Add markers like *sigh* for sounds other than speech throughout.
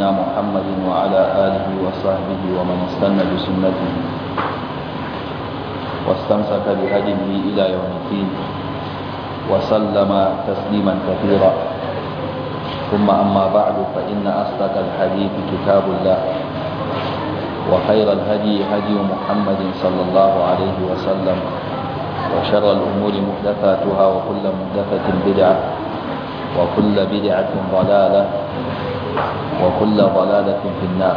نبينا محمد وعلى آله وصحبه ومن استنى بسنته واستمسك بهديه إلى يوم الدين وسلم تسليما كثيرا ثم أما بعد فإن أصدق الحديث كتاب الله وخير الهدي هدي محمد صلى الله عليه وسلم وشر الأمور محدثاتها وكل محدثة بدعة وكل بدعة ضلالة wa kula bala da fimfin na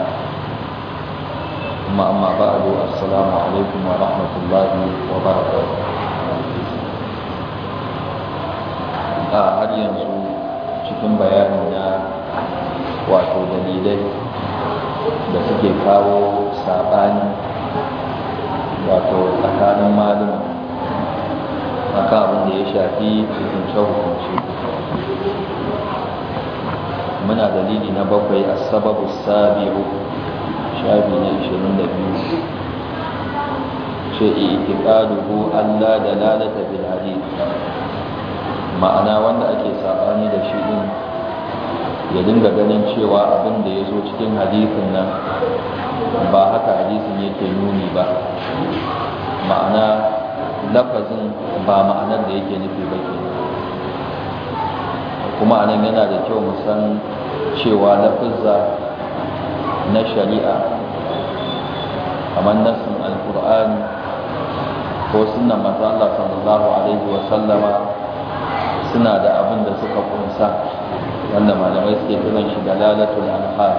amma ba a zo a alaikum wa rahmatullahi wa ba a ba a har yanzu cikin bayani na wato dalilai da suke kawo saɓani wato tsakanin malumin maka abinda ya shafi cikin shahu kuma shi muna dalili na bakwai a sababu sabi'u shafi na 22 ce itiqaduhu Allah da lalata bilali ma'ana wanda ake sabani da shi din ya dinga ganin cewa abin da ya zo cikin hadisin nan ba haka hadisin yake nuni ba ma'ana lafazin ba ma'anar da yake nufi ba ke kuma anan yana da kyau mu san cewa fizza na shari'a kamar nasin al-qur'an ko sunan manzo Allah sallallahu alaihi wa sallama suna da abin da suka kunsa wanda malamai suke kiran shi dalalatul alhal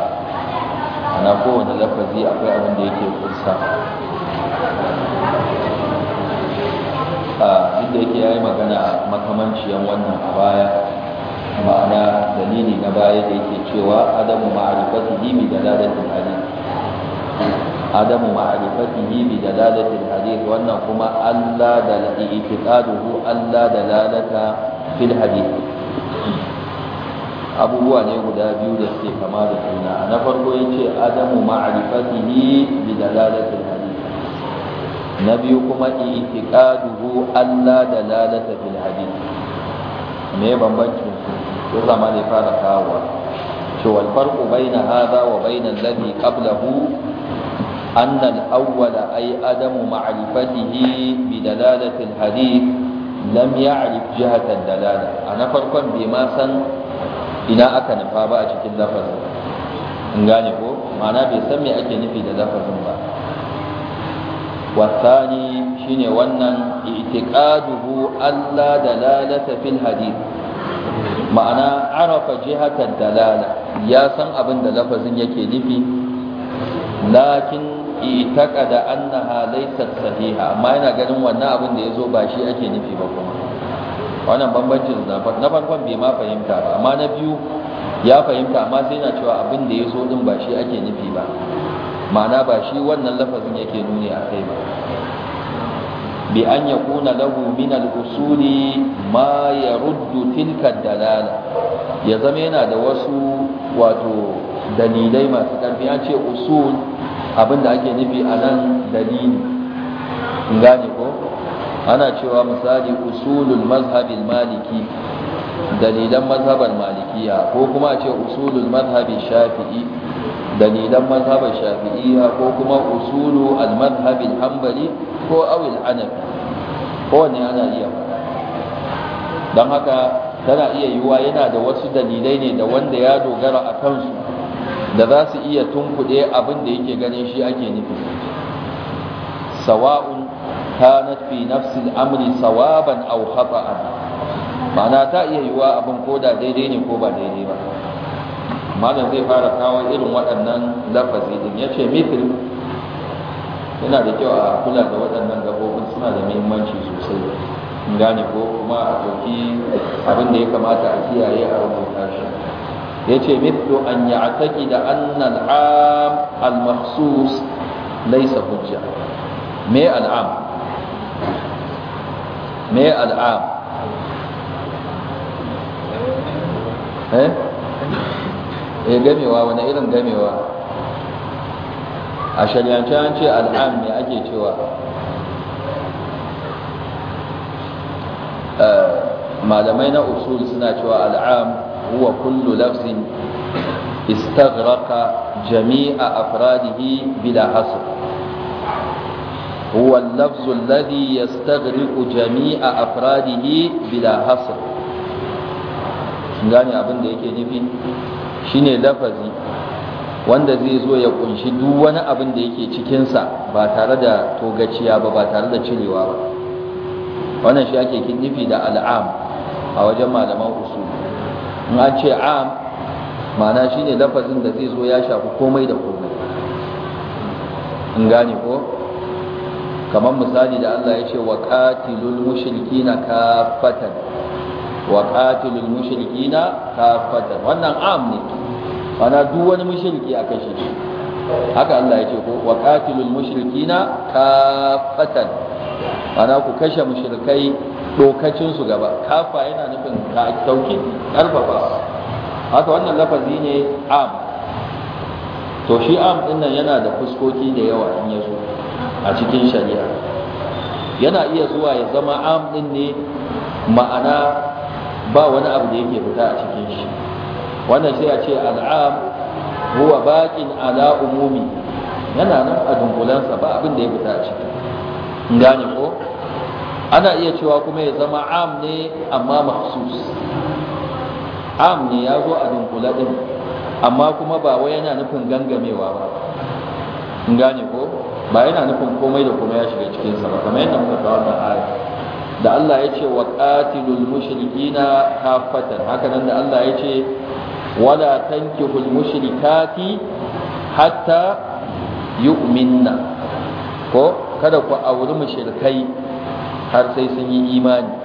ana kowane lafazi akwai abin da yake kunsa a ah, duk yake yayi magana makamanciyan wannan a baya ma'ana dalili na baya da yake cewa adamu ma'arifatu ma'rifatihi bi dalalatil hadith adamu ma'arifatu ma'rifatihi bi dalalatil hadith wannan kuma Allah da i'tiqaduhu Allah dalalata fil hadith abubuwa ne guda biyu da suke kama da juna na farko ya ce adamu ma'rifatihi bi dalalatil hadith na biyu kuma i'tiqaduhu Allah dalalata fil hadith me bambanci sai zama ne fara kawo cewa bai na haza wa bai na kabla ƙablahu an nan ai adamu ma'arifatihi bi dalalatin hari lam ya arif dalala a na farkon bai ma san ina aka nufa a cikin lafazin in ko mana bai san me ake nufi da lafazin ba wasani shine wannan itiqaduhu alla da fil hadith ma'ana arafa jihatar dalala ya san abin da lafazin yake nufi lakin itaka da annaha laysat sahiha amma yana ganin wannan abin da yazo ba shi ake nufi ba kuma wannan bambancin da na farkon bai ma fahimta ba amma na biyu ya fahimta amma sai yana cewa abin da yazo din ba shi ake nufi ba ma'ana ba shi wannan lafazin yake nuni a kai ba bi an yakuna lahu min al-usuli ma yaruddu tilka dalala ya zama yana da wasu wato dalilai masu karfi biya ce usul abinda ake nufi a nan dalili gane ko ana cewa misali usulul mazhabil maliki dalilan mazhabar malikiya ko kuma a ce usulul mazhabi shafi'i dalilan mazhabar shafi'iyya ko kuma usulu al-madhhabil hanbali ko awil hanafi ko ne ana iya dan haka tana iya yiwuwa yana da wasu dalilai ne da wanda ya dogara a kansu da za su iya tunkuɗe abin da yake ganin shi ake nufi sawa'un kanat fi nafsi al-amri sawaban aw khata'an ma'ana ta iya yiwuwa abin koda daidai ne ko ba daidai ba malam zai fara kawo irin waɗannan lafazi din ya ce mitir yana da kyau a kula da waɗannan gabobin suna da muhimmanci sosai in gane ko kuma a ɗauki abin da ya kamata a kiyaye a rubuta shi ya ce mithlu an yi ataki da annan al'am al maksus laisa hujja me al'am me al'am eh eh gamewa wani irin gamewa a shari'ance an ce al'am ne ake cewa eh, malamai na usul suna cewa al'am huwa kullu lafzin istagraka jami'a afradihi bila hasr هو اللفظ الذي يستغرق جميع أفراده بلا حصر gane abin da yake nufi shine lafazi wanda zai zo ya kunshi duk wani abin da yake cikinsa ba tare da togaciya ba ba tare da cirewa ba wannan shi ake nufi da al'am a wajen malaman usul in an ce am ma'ana shine lafazin da zai zo ya shafi komai da komai in gane ko kamar misali da Allah ya ce wa qatilul na kafatan wa qatilul mushrikina kafatan wannan am ne ana duk wani mushriki a kashe shi haka Allah ya ce ko wa qatilul mushrikina kafatan ana ku kashe mushrikai dokacin su gaba kafa yana nufin ka tauki karfafa haka wannan lafazi ne am to shi am din nan yana da fuskoki da yawa in ya zo a cikin shari'a yana iya zuwa ya zama am din ne ma'ana ba wani abu da yake fita a cikin shi wannan sai a ce al'am huwa baqin ala umumi yana nan a dunkulansa ba abin da ya fita a ciki gane ko ana iya cewa kuma ya zama am ne amma mahsus am ne ya zo a dunkula din amma kuma ba wai yana nufin gangamewa ba gane ko ba yana nufin komai da komai ya shiga cikinsa ba kamar yadda muka ga wannan aya da Allah ya ce wa qatilul mushrikina kafatan haka nan da Allah ya ce wala tankihul mushrikati hatta yu'minna ko kada ku auri mushrikai har sai sun yi imani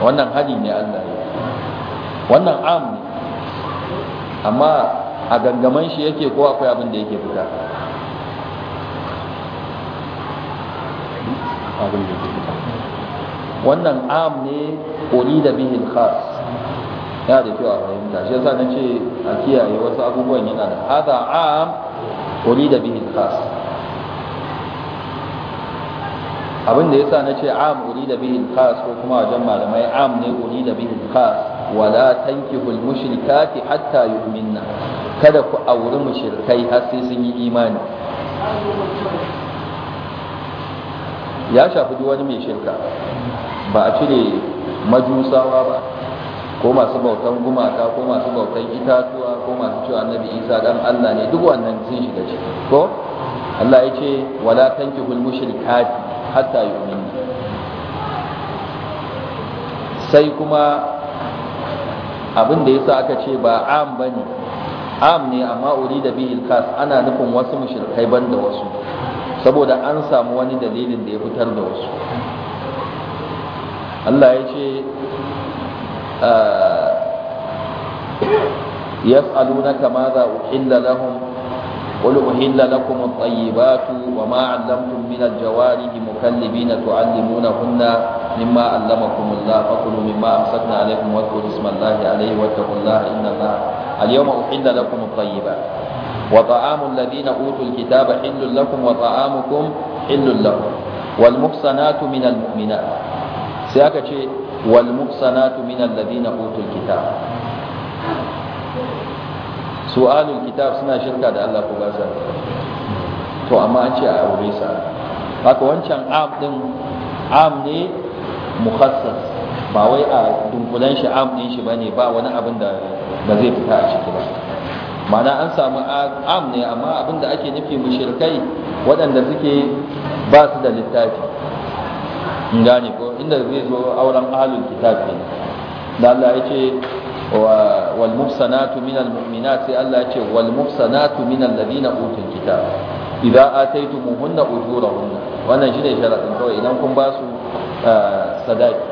wannan hadi ne Allah ya wannan am ne amma a gangaman shi yake ko akwai abin da yake fita abin da yake wannan am ne ƙoli da bihin khas yana da kyau a fahimta shi yasa na ce a kiyaye wasu abubuwan yana da hada am ƙoli da bihin khas abin da yasa na ce am ƙoli da bihin khas ko kuma wajen malamai am ne ƙoli da bihin khas wala tankihul mushrikati hatta yu'minna kada ku auri mushrikai har sai sun yi imani ya shafi duk wani mai shirka ba a cire majusawa ba ko masu bautan gumaka ko masu bautan itatuwa ko masu cewa annabi isa dan allah ne duk wannan sun shiga ciki ko allah ya ce wala tankihul mushrikati hatta yu'minu sai kuma abinda da yasa aka ce ba am bane am ne amma uri da bihil kas ana nufin wasu ban da wasu saboda an samu wani dalilin da ya fitar da wasu Allah ya ce ah, ya tsaluna kama za ulhin lalakun tsayibatu wa ma'allamtun minar jawari da mukallibi na tu'allimu na hunna mimma allama kuma zafakunu mimma amsakna alaikun wato bismillah alaihi wata kula inda za a yau ma'ulhin lalakun tsayibatu wa ta'amul ladina utul kitaba hillul lakum wa ta'amukum hillul lakum wal muhsanatu minal mu'minat sai aka ce wal muhsanatu minal ladina utul kitaba su alul kitab suna shirka da Allah ko ba to amma an ce a aure sa haka wancan am ɗin am ne mukhassas ba wai a dunkulan shi am din shi bane ba wani abin da ba zai fita a ciki ba mana an samu am ne amma abin da ake nufi mushrikai waɗanda suke ba su da littafi in gane ko inda zai zo auren ahlul kitabi da Allah ya ce wal mufsanatu minal mu'minat sai Allah ya ce wal mufsanatu minal ladina utul kitab idza ataytumuhunna ujurahunna wannan shine sharadin kawai idan kun ba su ah, sadaqa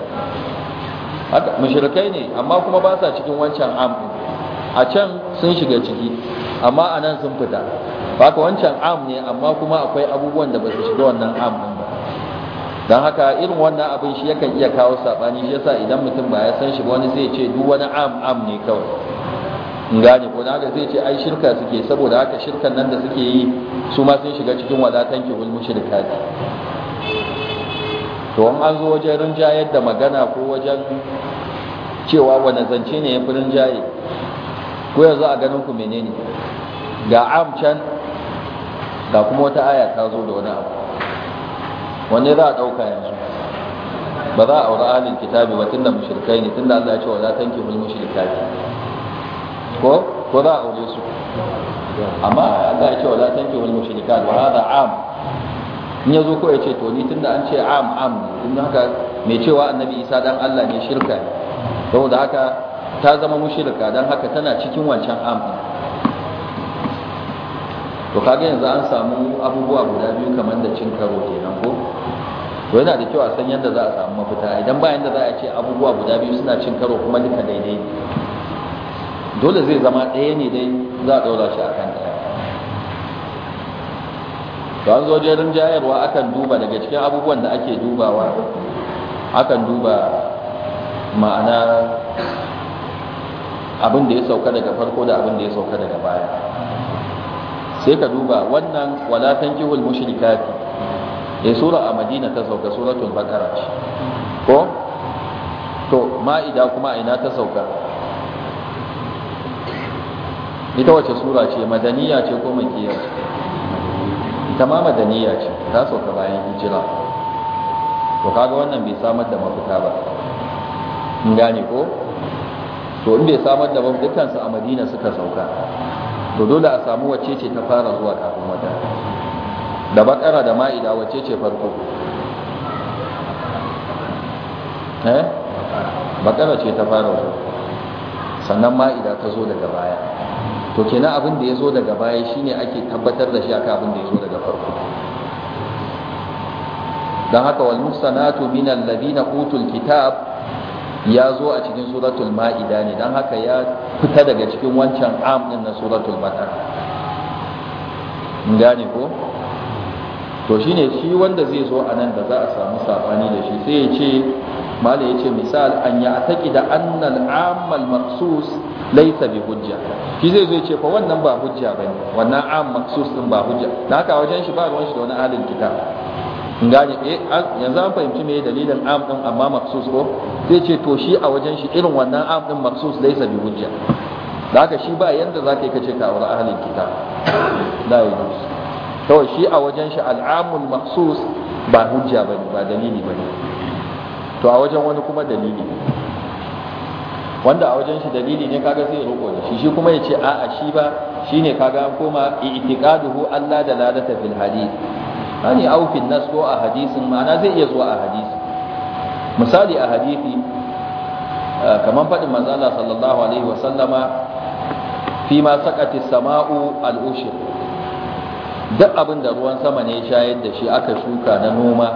haka mushrikai ne amma kuma ba sa cikin wancan am a can sun shiga ciki amma a nan sun fita ba ka wancan am ne amma kuma akwai abubuwan da ba su shiga wannan am ba don haka irin wannan abin shi yakan iya kawo saɓani shi yasa idan mutum ba ya san shi ba wani zai ce duk wani am am ne kawai gane ko haka zai ce ai shirka suke saboda haka shirkan nan da suke yi su ma sun shiga cikin wadatan ki shirka ne. to an zo wajen rinjayar da magana ko wajen cewa wani zance ne ya fi rinjaye ko yanzu a ganin ku menene ga am can ga kuma wata aya ta zo da wani abu wanne za a ɗauka yanzu ba za a aure alin kitabi ba tunda mushrikai ne tunda Allah ya ce wala tanki hul mushrikai ko ko za a aure su amma Allah ya ce wala tanki hul mushrikai ba hada am in yazo ko ya ce to ni tunda an ce am am tun haka mai cewa annabi Isa dan Allah ne shirka ne saboda haka ta zama mushirka don haka tana cikin wancan amfan to kage yanzu an samu abubuwa guda biyu kamar da cin karo kenan ko to yana da kyau a san yadda za a samu mafita idan ba yadda za a ce abubuwa guda biyu suna cin karo kuma duka daidai dole zai zama ɗaya ne dai za a ɗaura shi a kan ɗaya to an zo jerin jayarwa akan duba daga cikin abubuwan da ake dubawa akan duba ma'ana abin da ya sauka daga farko da abin da ya sauka daga baya sai ka duba wannan walatan tankihul mushrikati ya eh, sura a madina ta sauka suratul bakara ko to ma'ida kuma ina ta sauka ita wace sura ce madaniya ce ko makiya ce ita ma madaniya ce ta sauka bayan hijira to kaga wannan bai samar da mafita ba in gane ko to inda ya samar da bam dukansu a madina suka sauka to dole a samu wacce ce ta fara zuwa kafin wata da bakara da ma'ida wacce ce farko eh bakara ce ta fara zuwa sannan ma'ida ta zo daga baya to kenan abin da ya zo daga baya shine ake tabbatar da shi akan abin da ya zo daga farko don haka wal muhsanatu minal ladina utul kitab ya zo a cikin suratul ma'ida ne don haka ya fita daga cikin wancan am din na suratul baqara gane ko to shine shi wanda zai zo a nan da za a samu sabani da shi sai ya ce mala ya ce misal an ya ataki da annal amal maksus laisa bi hujja shi zai zo ya ce fa wannan ba hujja bane wannan am maksus din ba hujja da haka wajen shi ba ruwan shi da wani alin kitab gane eh yanzu an fahimci me dalilin am din amma maksus ko Sai ce to shi a wajen shi irin wannan am din maksus laisa bi hujja da haka shi ba yanda zaka yi kace ka aure ahlin kitab la yi to shi a wajen shi al'amul maksus ba hujja bane ba dalili bane to a wajen wani kuma dalili wanda a wajen shi dalili ne kaga sai roƙo da shi shi kuma ya ce a'a shi ba shine kaga an koma i'tiqaduhu Allah da ladata fil hadith hani aufin nas ko a hadisin ma'ana zai iya zuwa a hadisi misali a hadisi kamar faɗin manzala sallallahu alaihi wasallama fi ma sakati sama'u al'ushir duk abin da ruwan sama ne shayar da shi aka shuka na noma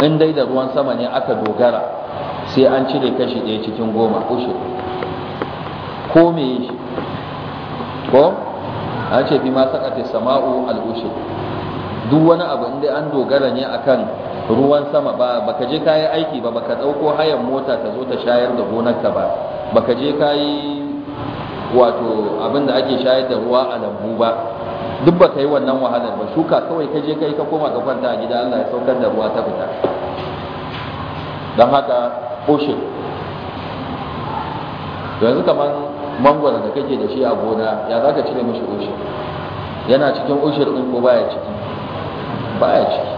in dai da ruwan sama ne aka dogara sai an cire kashi ɗaya cikin goma ushir ko me shi ko an ce fi ma sakati sama'u al'ushir duk wani abu inda an dogara ne akan ruwan sama ba baka je kayi aiki ba baka dauko hayan mota ta zo ta shayar da gonarka ba baka je kayi wato abinda ake shayar da ruwa a lambu ba duk baka yi wannan wahalar ba shuka kawai ka je kai ka koma ka kwanta a gida Allah ya saukar da ruwa ta fita don haka koshin yanzu kamar mangwara da kake da shi a gona ya zaka cire mishi koshin yana cikin ushir din ko baya ciki baya ciki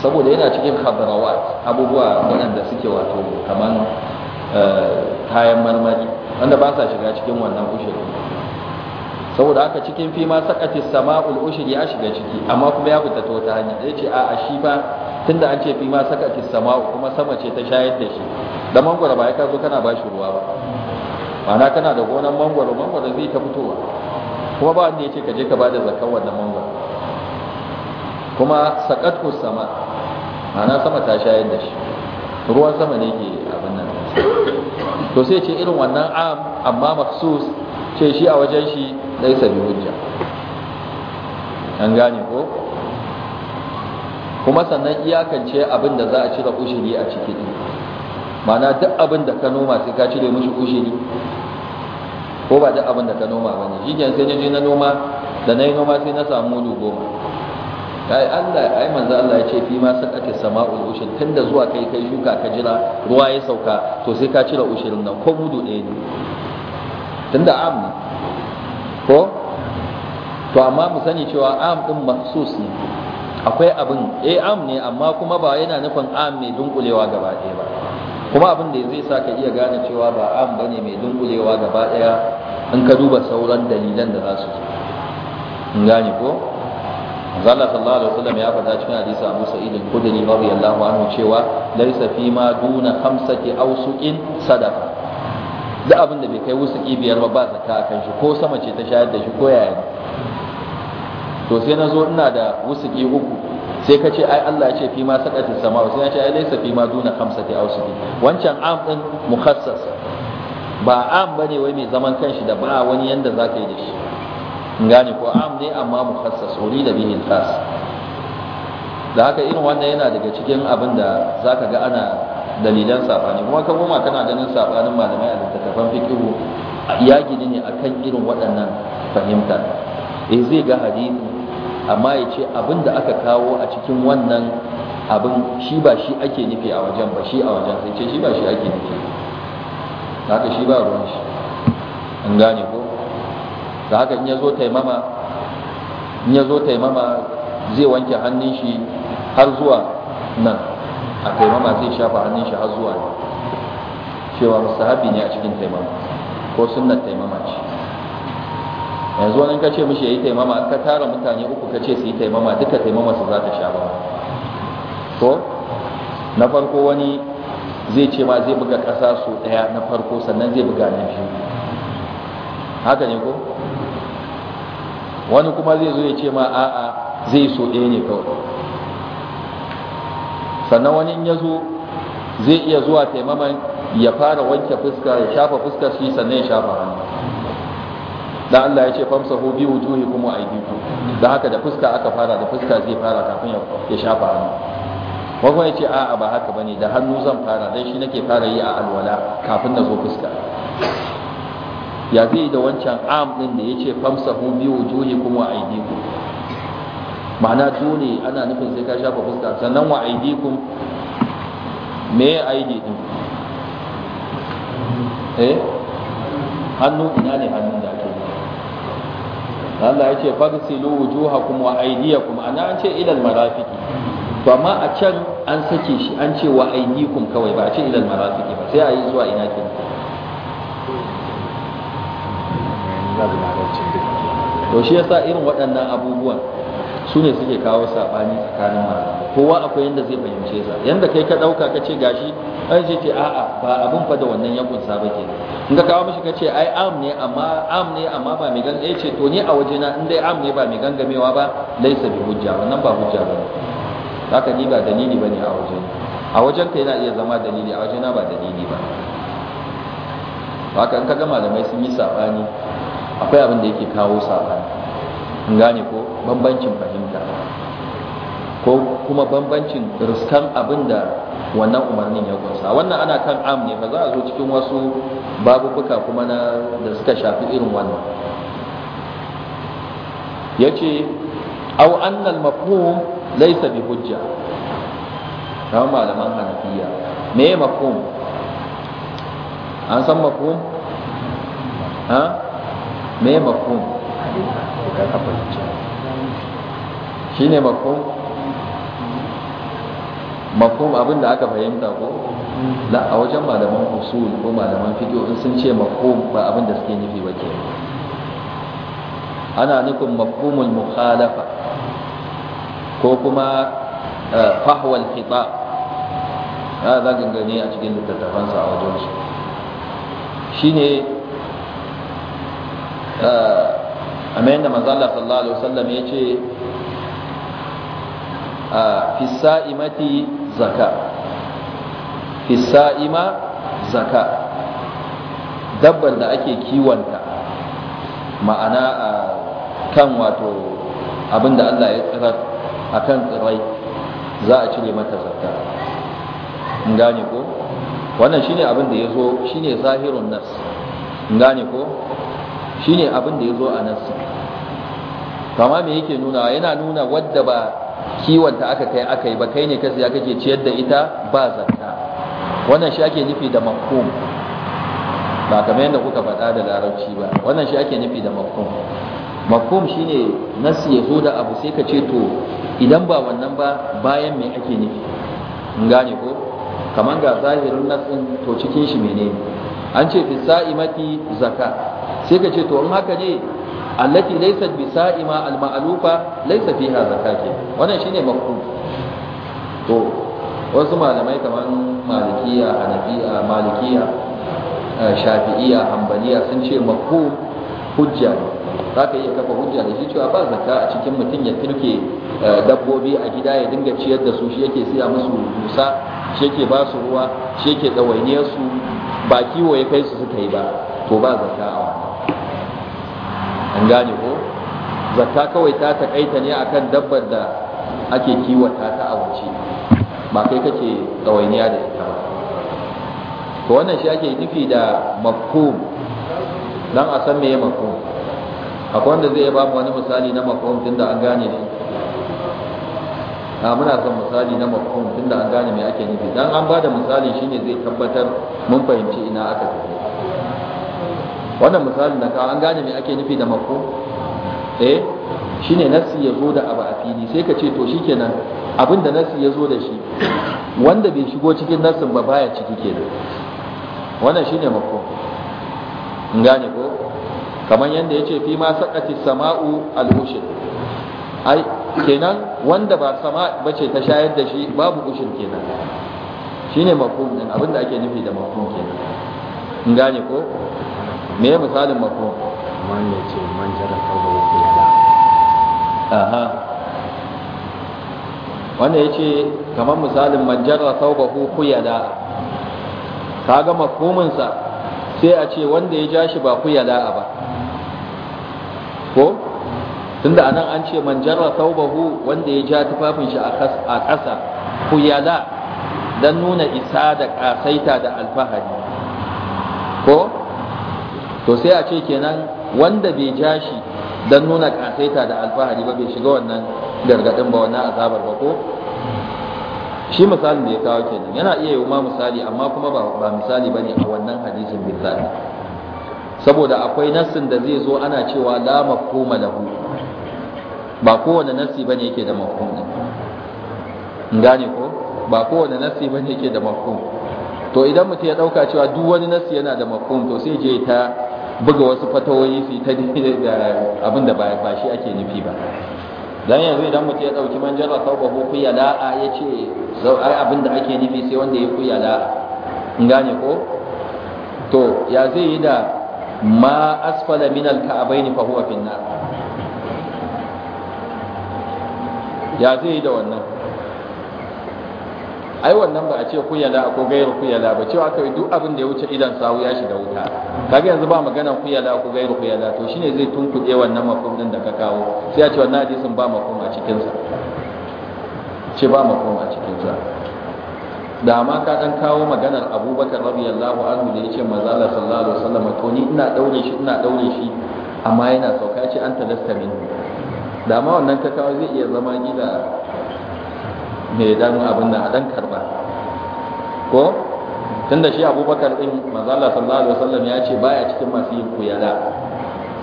saboda yana cikin kabarawa abubuwa waɗanda suke wato kamar eh, kayan marmari wanda ba sa shiga cikin wannan ushiri saboda haka cikin fi ma sakatis sama'ul ushiri ya shiga ciki amma kuma ya fita ta wata hanya ya ce a shi ba tunda an ce fi ma sakatis sama'u kuma sama ce ta shayar da shi da mangwara ba ya ka zo kana ba shi ruwa ba ma'ana kana da gonan mangwaro mangwaro zai ta fitowa kuma ba wanda ya ce ka je ka ba da zakar wannan mangwaro kuma sakatku sama ana sama ta shayar da shi ruwan sama ne ke abin nan to sai ce irin wannan am amma maksus ce shi a wajen shi dai sabi hujja an gane ko kuma sannan iyakance abin da za a cire ushiri a ciki din mana duk abin da ka noma sai ka cire mishi ushiri ko ba duk abin da ka noma bane shi ne sai na je na noma da na yi noma sai na samu mudu goma kai Allah ai manzo Allah ya ce fi ma sakata sama'ul ushur tunda zuwa kai kai shuka ka jira ruwa ya sauka to sai ka cire ushirin nan ko gudu ɗaya ne tunda am ne ko to amma mu sani cewa am din mahsus ne akwai abin eh am ne amma kuma ba yana nufin am mai dunkulewa gaba ɗaya ba kuma abin da zai sa ka iya gane cewa ba am bane mai dunkulewa gaba ɗaya in ka duba sauran dalilan da za su ji in gane ko zalla sallallahu alaihi wasallam ya faɗa cikin hadisi Abu Sa'id al-Khudri radiyallahu anhu cewa laisa fi ma duna khamsati awsuqin sadaqa duk abin da bai kai wusuki biyar ba ba zakka akan shi ko sama ce ta shayar da shi ko yaya to sai na zo ina da wusuki uku sai ka ce ai Allah ya ce fi ma saqatis sama sai ya ce ai laisa fi ma duna khamsati awsuqin wancan am din mukhassas ba am bane wai mai zaman kanshi da ba wani yanda zaka yi da shi gane ko am ne amma mukhassas wuri da bihi khas da haka irin wannan yana daga cikin abin da zaka ga ana dalilan safani kuma kan goma kana ganin safanin malamai a littattafan fiqhu ya gidi ne akan irin waɗannan fahimta eh zai ga hadisi amma ya ce abin da aka kawo a cikin wannan abin shi ba shi ake nufi a wajen ba shi a wajen sai ce shi ba shi ake nufi haka shi ba ruwan shi an gane ko da haka in ya zo taimama in ya zo taimama zai wanke hannun shi har zuwa nan a taimama zai shafa hannun shi har zuwa nan cewa musahabi ne a cikin taimama ko sunnar taimama ce yanzu wani ka ce mishi ya yi taimama ka tara mutane uku ka ce su yi taimama duka taimama su za ta sha ba ko na farko wani zai ce ma zai buga ƙasa su ɗaya na farko sannan zai buga ne biyu haka ne ko wani kuma zai zo ya ce ma a'a zai so ɗaya ne kawai sannan wani in ya zo zai iya zuwa taimaman ya fara wanke fuska ya shafa fuska shi sannan ya shafa hannu dan Allah ya ce famsahu bi wujuhikum wa aydikum dan haka da fuska aka fara da fuska zai fara kafin ya shafa hannu wannan ya ce a'a ba haka bane da hannu zan fara dan shi nake fara yi a alwala kafin na zo fuska ya zai da wancan am din da yace famsahu bi wujuhikum wa aidikum ma'ana ne ana nufin sai ka shafa fuska sannan wa aidikum me aidi din eh hannu ina ne hannun da ake Allah ya ce fagsilu wujuhakum wa aydiyakum ana an ce ilal marafiki to amma a can an sake shi an ce wa aidikum kawai ba a ce ilal marafiki ba sai a yi zuwa ina kenan to shi yasa irin waɗannan abubuwan su ne suke kawo saɓani tsakanin malamai kowa akwai yanda zai fahimce sa yanda kai ka ɗauka ka ce gashi an ce ce a'a ba abin fa da wannan ya kunsa ba ke in ka kawo mishi ka ce ai am ne amma am ne amma ba mai ganga eh ce to ni a wajena in dai am ne ba mai gangamewa ba laisa bi hujja wannan ba hujja ba haka ni ba dalili bane a wajen a wajen ka yana iya zama dalili a wajena ba dalili ba haka in ka ga malamai sun yi saɓani akwai abin da yake kawo saɓani in gane ko bambancin fahimta ko kuma bambancin riskan abin da wannan umarnin ya kunsa wannan ana kan am ne ba za a zo cikin wasu babubuka kuma na da suka shafi irin wannan ya ce au annal mafhum laisa bi hujja na malaman hanafiya me mafhum an san mafhum me mafhum shi ne mafhum abin abinda aka fahimta ko la a wajen malaman usul ko malaman fiqh in sun ce mafhum ba abinda suke nufi ba ke ana nufin mafhumul mukhalafa ko kuma eh, fahwal khitab za gangane a cikin littattafansa a wajen su shine Eh, amma yadda sallallahu alaihi wasallam ya ce ah, fi sa'imati zaka fi sa'ima zaka dabbar da ake kiwonta ma'ana a ah, kan wato abinda Allah ya tsirar a kan tsirrai za a cire mata zakka in gane ko wannan shine abin da ya zo shine zahirun nas in gane ko shine abin da ya zo a nassi kama me yake nuna yana nuna wadda ba kiwon ta aka kai aka yi ba kai ne kasi ya kake ciyar da ita ba zanta wannan shi ake nufi da mafhum ba kamar yadda kuka faɗa da larabci ba wannan shi ake nufi da mafhum mafhum shine nasi ya zo da abu sai ka ce to idan ba wannan ba bayan me ake nufi in gane ko kamar ga zahirin nasin to cikin shi menene an ce fi sa'imati zaka sai ka ce to in haka ne allati bi bisa'ima al-ma'lufa laysa fiha zakati wannan shine mafhum to wasu malamai kamar malikiya hanafiya malikiya eh, shafi'iya hanbaliya sun ce mafhum hujja za ka iya kafa hujja da shi cewa ba zakka a cikin mutum ya turke eh, dabbobi a gida ya dinga ciyar da su shi yake siya musu musa shi yake ba su ruwa shi yake su ba kiwo ya kai su suka yi ba to ba zakka a wannan An gane ko zakka kawai ta takaita ne akan dabbar da ake kiwata ta a wuce. ba kai kake tsawainiya da ita ba to wannan shi ake nufi da mafhum dan a san meye mafhum akwai wanda zai ba mu wani misali na mafhum tunda an gane ne a muna son misali na mafhum tunda an gane me ake nufi dan an ba da misali shine zai tabbatar mun fahimci ina aka tafi wannan misalin da ka an gane me ake nufi da mako eh shine nasi ya zo da abu a fili sai ka ce to shikenan abin da nasi ya zo da shi wanda bai shigo cikin nasin ba baya ciki kenan wannan shine mako in gane ko kamar yadda ya ce fi ma sakati sama'u al-ushd ai kenan wanda ba sama ce ta shayar da shi babu ushin kenan shine mafhum din abinda ake nufi da mafhum kenan in gane ko me ya misalin mafhum wanda ce Manjara jara kawo yada aha wanda ya ce kamar misalin ta jara kawo yada ka ga mafhuminsa sai a ce wanda ya ja shi ba yada ba ko tunda anan an ce Manjara jarra thawbahu wanda ya ja tufafin shi a ƙasa ku yada dan nuna isa da kasaita da alfahari to sai a ce kenan wanda bai ja shi don nuna kasaita da alfahari ba bai shiga wannan gargadin ba wannan azabar ba ko shi misalin da ya kawo kenan yana iya yi ma misali amma kuma ba misali bane a wannan hadisin misali saboda akwai nassin da zai zo ana cewa la mafhuma lahu ba kowane nassi bane yake da mafhum din gane ko ba kowane nassi bane yake da mafhum to idan mutum ya dauka cewa duk wani nassi yana da mafhum to sai je ta buga wasu fatawoyi su ta *laughs* da abin da ba shi ake nufi ba dan yanzu idan mutum ya dauki manjar rasau ko kuyala ya ce ai abin da ake nufi sai wanda ya la'a. in gane ko to ya zai yi da ma asfala min alka'abain fa huwa fi nar ya zai yi da wannan ai wannan ba a ce kuyala ko gairu kuyala ba cewa kai duk abin da ya wuce idan sawu ya shiga wuta kaga yanzu ba magana kuyala ko gairu kuyala to shine zai tunkuɗe wannan mafhum din da ka kawo sai ya ce wannan hadisin ba mafhum a cikin sa ce ba mafhum a cikin sa da ma ka dan kawo maganar Abubakar radiyallahu anhu da yace manzo Allah sallallahu alaihi wasallam to ni ina daure shi ina daure shi amma yana sauka ce an talasta min da ma wannan ka kawo zai iya zama gida mai dan abin da a dan karba ko tunda shi abubakar din manzo Allah sallallahu alaihi wasallam ya ce baya cikin masu yin kuyala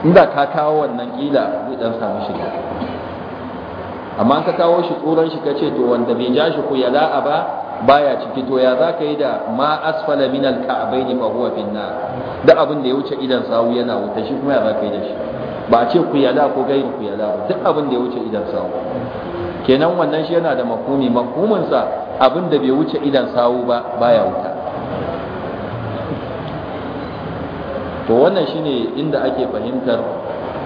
inda ka kawo wannan kila zai dan samu shiga amma ka kawo shi tsoron shi kace to wanda bai ja shi kuyala a ba baya ciki to ya zaka yi da ma asfala min al-ka'bayn fa huwa fi nar da abin da ya wuce idan sawu yana wuta shi kuma ya zaka yi da shi ba a ce kuyala ko gairin kuyala ba duk abin da ya wuce idan sawu kenan wannan shi yana da makumi, mafhuminsa abin da bai wuce idan sawu ba baya wuta to wannan shine inda ake fahimtar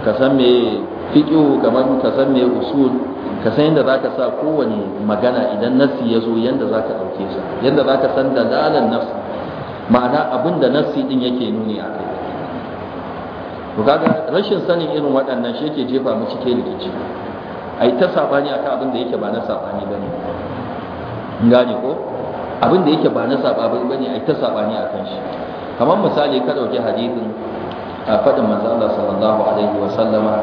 ka san me fiqhu kamar ka san me usul ka san yadda zaka sa kowane magana idan nassi ya zo yadda zaka dauke sa yadda zaka san dalalan nafsi ma'ana abin da nassi din yake nuni a kai to kaga rashin sanin irin waɗannan shi yake jefa mu cikin rikici a yi ta saɓani a kan abin da yake ba na saɓani ba ne gane ko abin da yake ba na saɓani ba ne a yi ta saɓani a kan shi kamar misali ka ɗauki hadithin a faɗin manzo Allah sallallahu alaihi wa sallama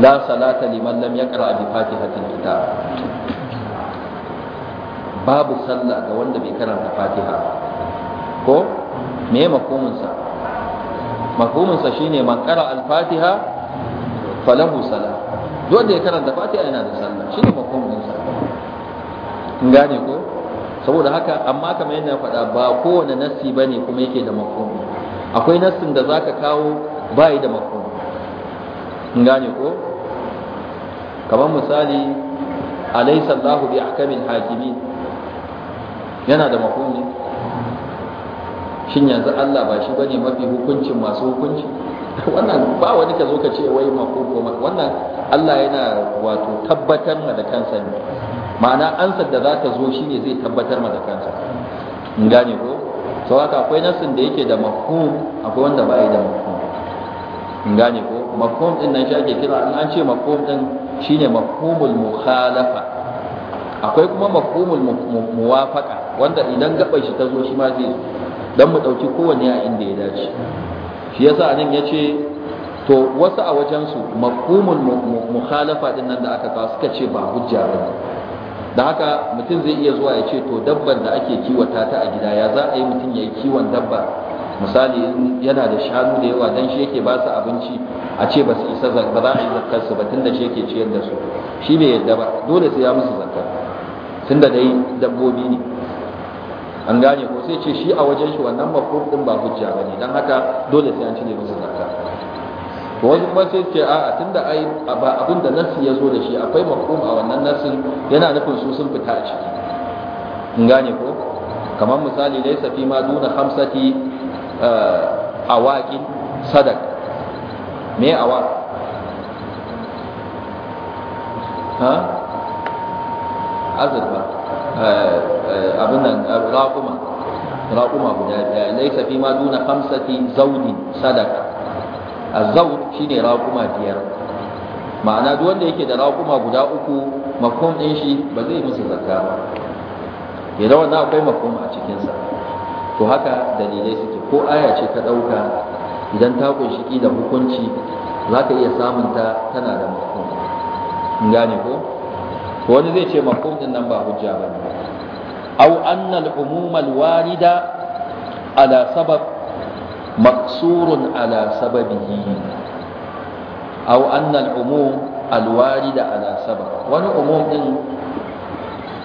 la salata liman lam yaqra bi fatihatil kitab babu sallah ga wanda bai karanta fatiha ko me makominsa sa shine man qara al-fatiha falahu salat wanda ya karanta fatiha yana da sallah shine mafhumin sallah in gane ko saboda haka amma kamar yadda faɗa ba kowane nassi bane kuma yake da mafhumi akwai nassin da za ka kawo yi da mafhumi in gane ko kamar misali alaysa Allahu bi akamin hakimi yana da ne shin yanzu Allah ba shi ba ne mafi hukuncin masu hukunci wannan ba wani ka zo ka ce wai makoko wannan Allah yana wato tabbatar ma da kansa ne ma'ana ansar da za ta zo shine zai tabbatar ma da kansa in gane ko sau haka akwai nasin da yake da mafhum akwai wanda ba yi da mafhum in gane ko mafhum din nan shi ake kira an ce mafhum din shine mafhumul mukhalafa akwai kuma mafhumul muwafaqa wanda idan gaban shi ta zo shi ma zai dan mu dauki kowanne a inda ya dace shi yasa anan yace to wasu a wajen su mafhumul mukhalafa din nan da aka kawo suka ce ba hujja ba? da haka mutum zai iya zuwa ya ce to dabban da ake kiwata ta a gida ya za a yi mutum ya yi kiwon dabba misali yana da shanu da yawa dan shi yake ba su abinci a ce ba su isa ba za a yi zakar su ba tunda shi yake ciyar da su shi bai yadda ba dole sai ya musu zakar tunda dai dabbobi ne an gane ko sai ce shi a wajen shi wannan mafhum din ba hujja bane dan haka dole sai an cire masa zakka to wasu kuma sai ce a'a tunda ai ba abin da nassi ya zo da shi akwai mafhum a wannan nassin yana nufin su sun fita a ciki An gane ko kamar misali laysa fi ma duna khamsati eh, awaqin sadaq me awa ha azurfa Eh, abin nan eh, raƙuma guda daya laysa safi ma duna hamsati zaudi sadaka a shi shine raƙuma biyar ma'ana duk wanda yake da raƙuma guda uku makon ɗin shi ba zai musu zakka ba idan wannan akwai makon a cikinsa to haka dalilai suke ko aya ce ka ɗauka idan ta kunshi da hukunci za ka iya samun ta tana da makon gane ko wani zai ce mafhum din nan ba hujja bane aw anna al-umum al-warida ala sabab maqsurun ala sababihi aw anna al-umum al-warida ala sabab wani umum din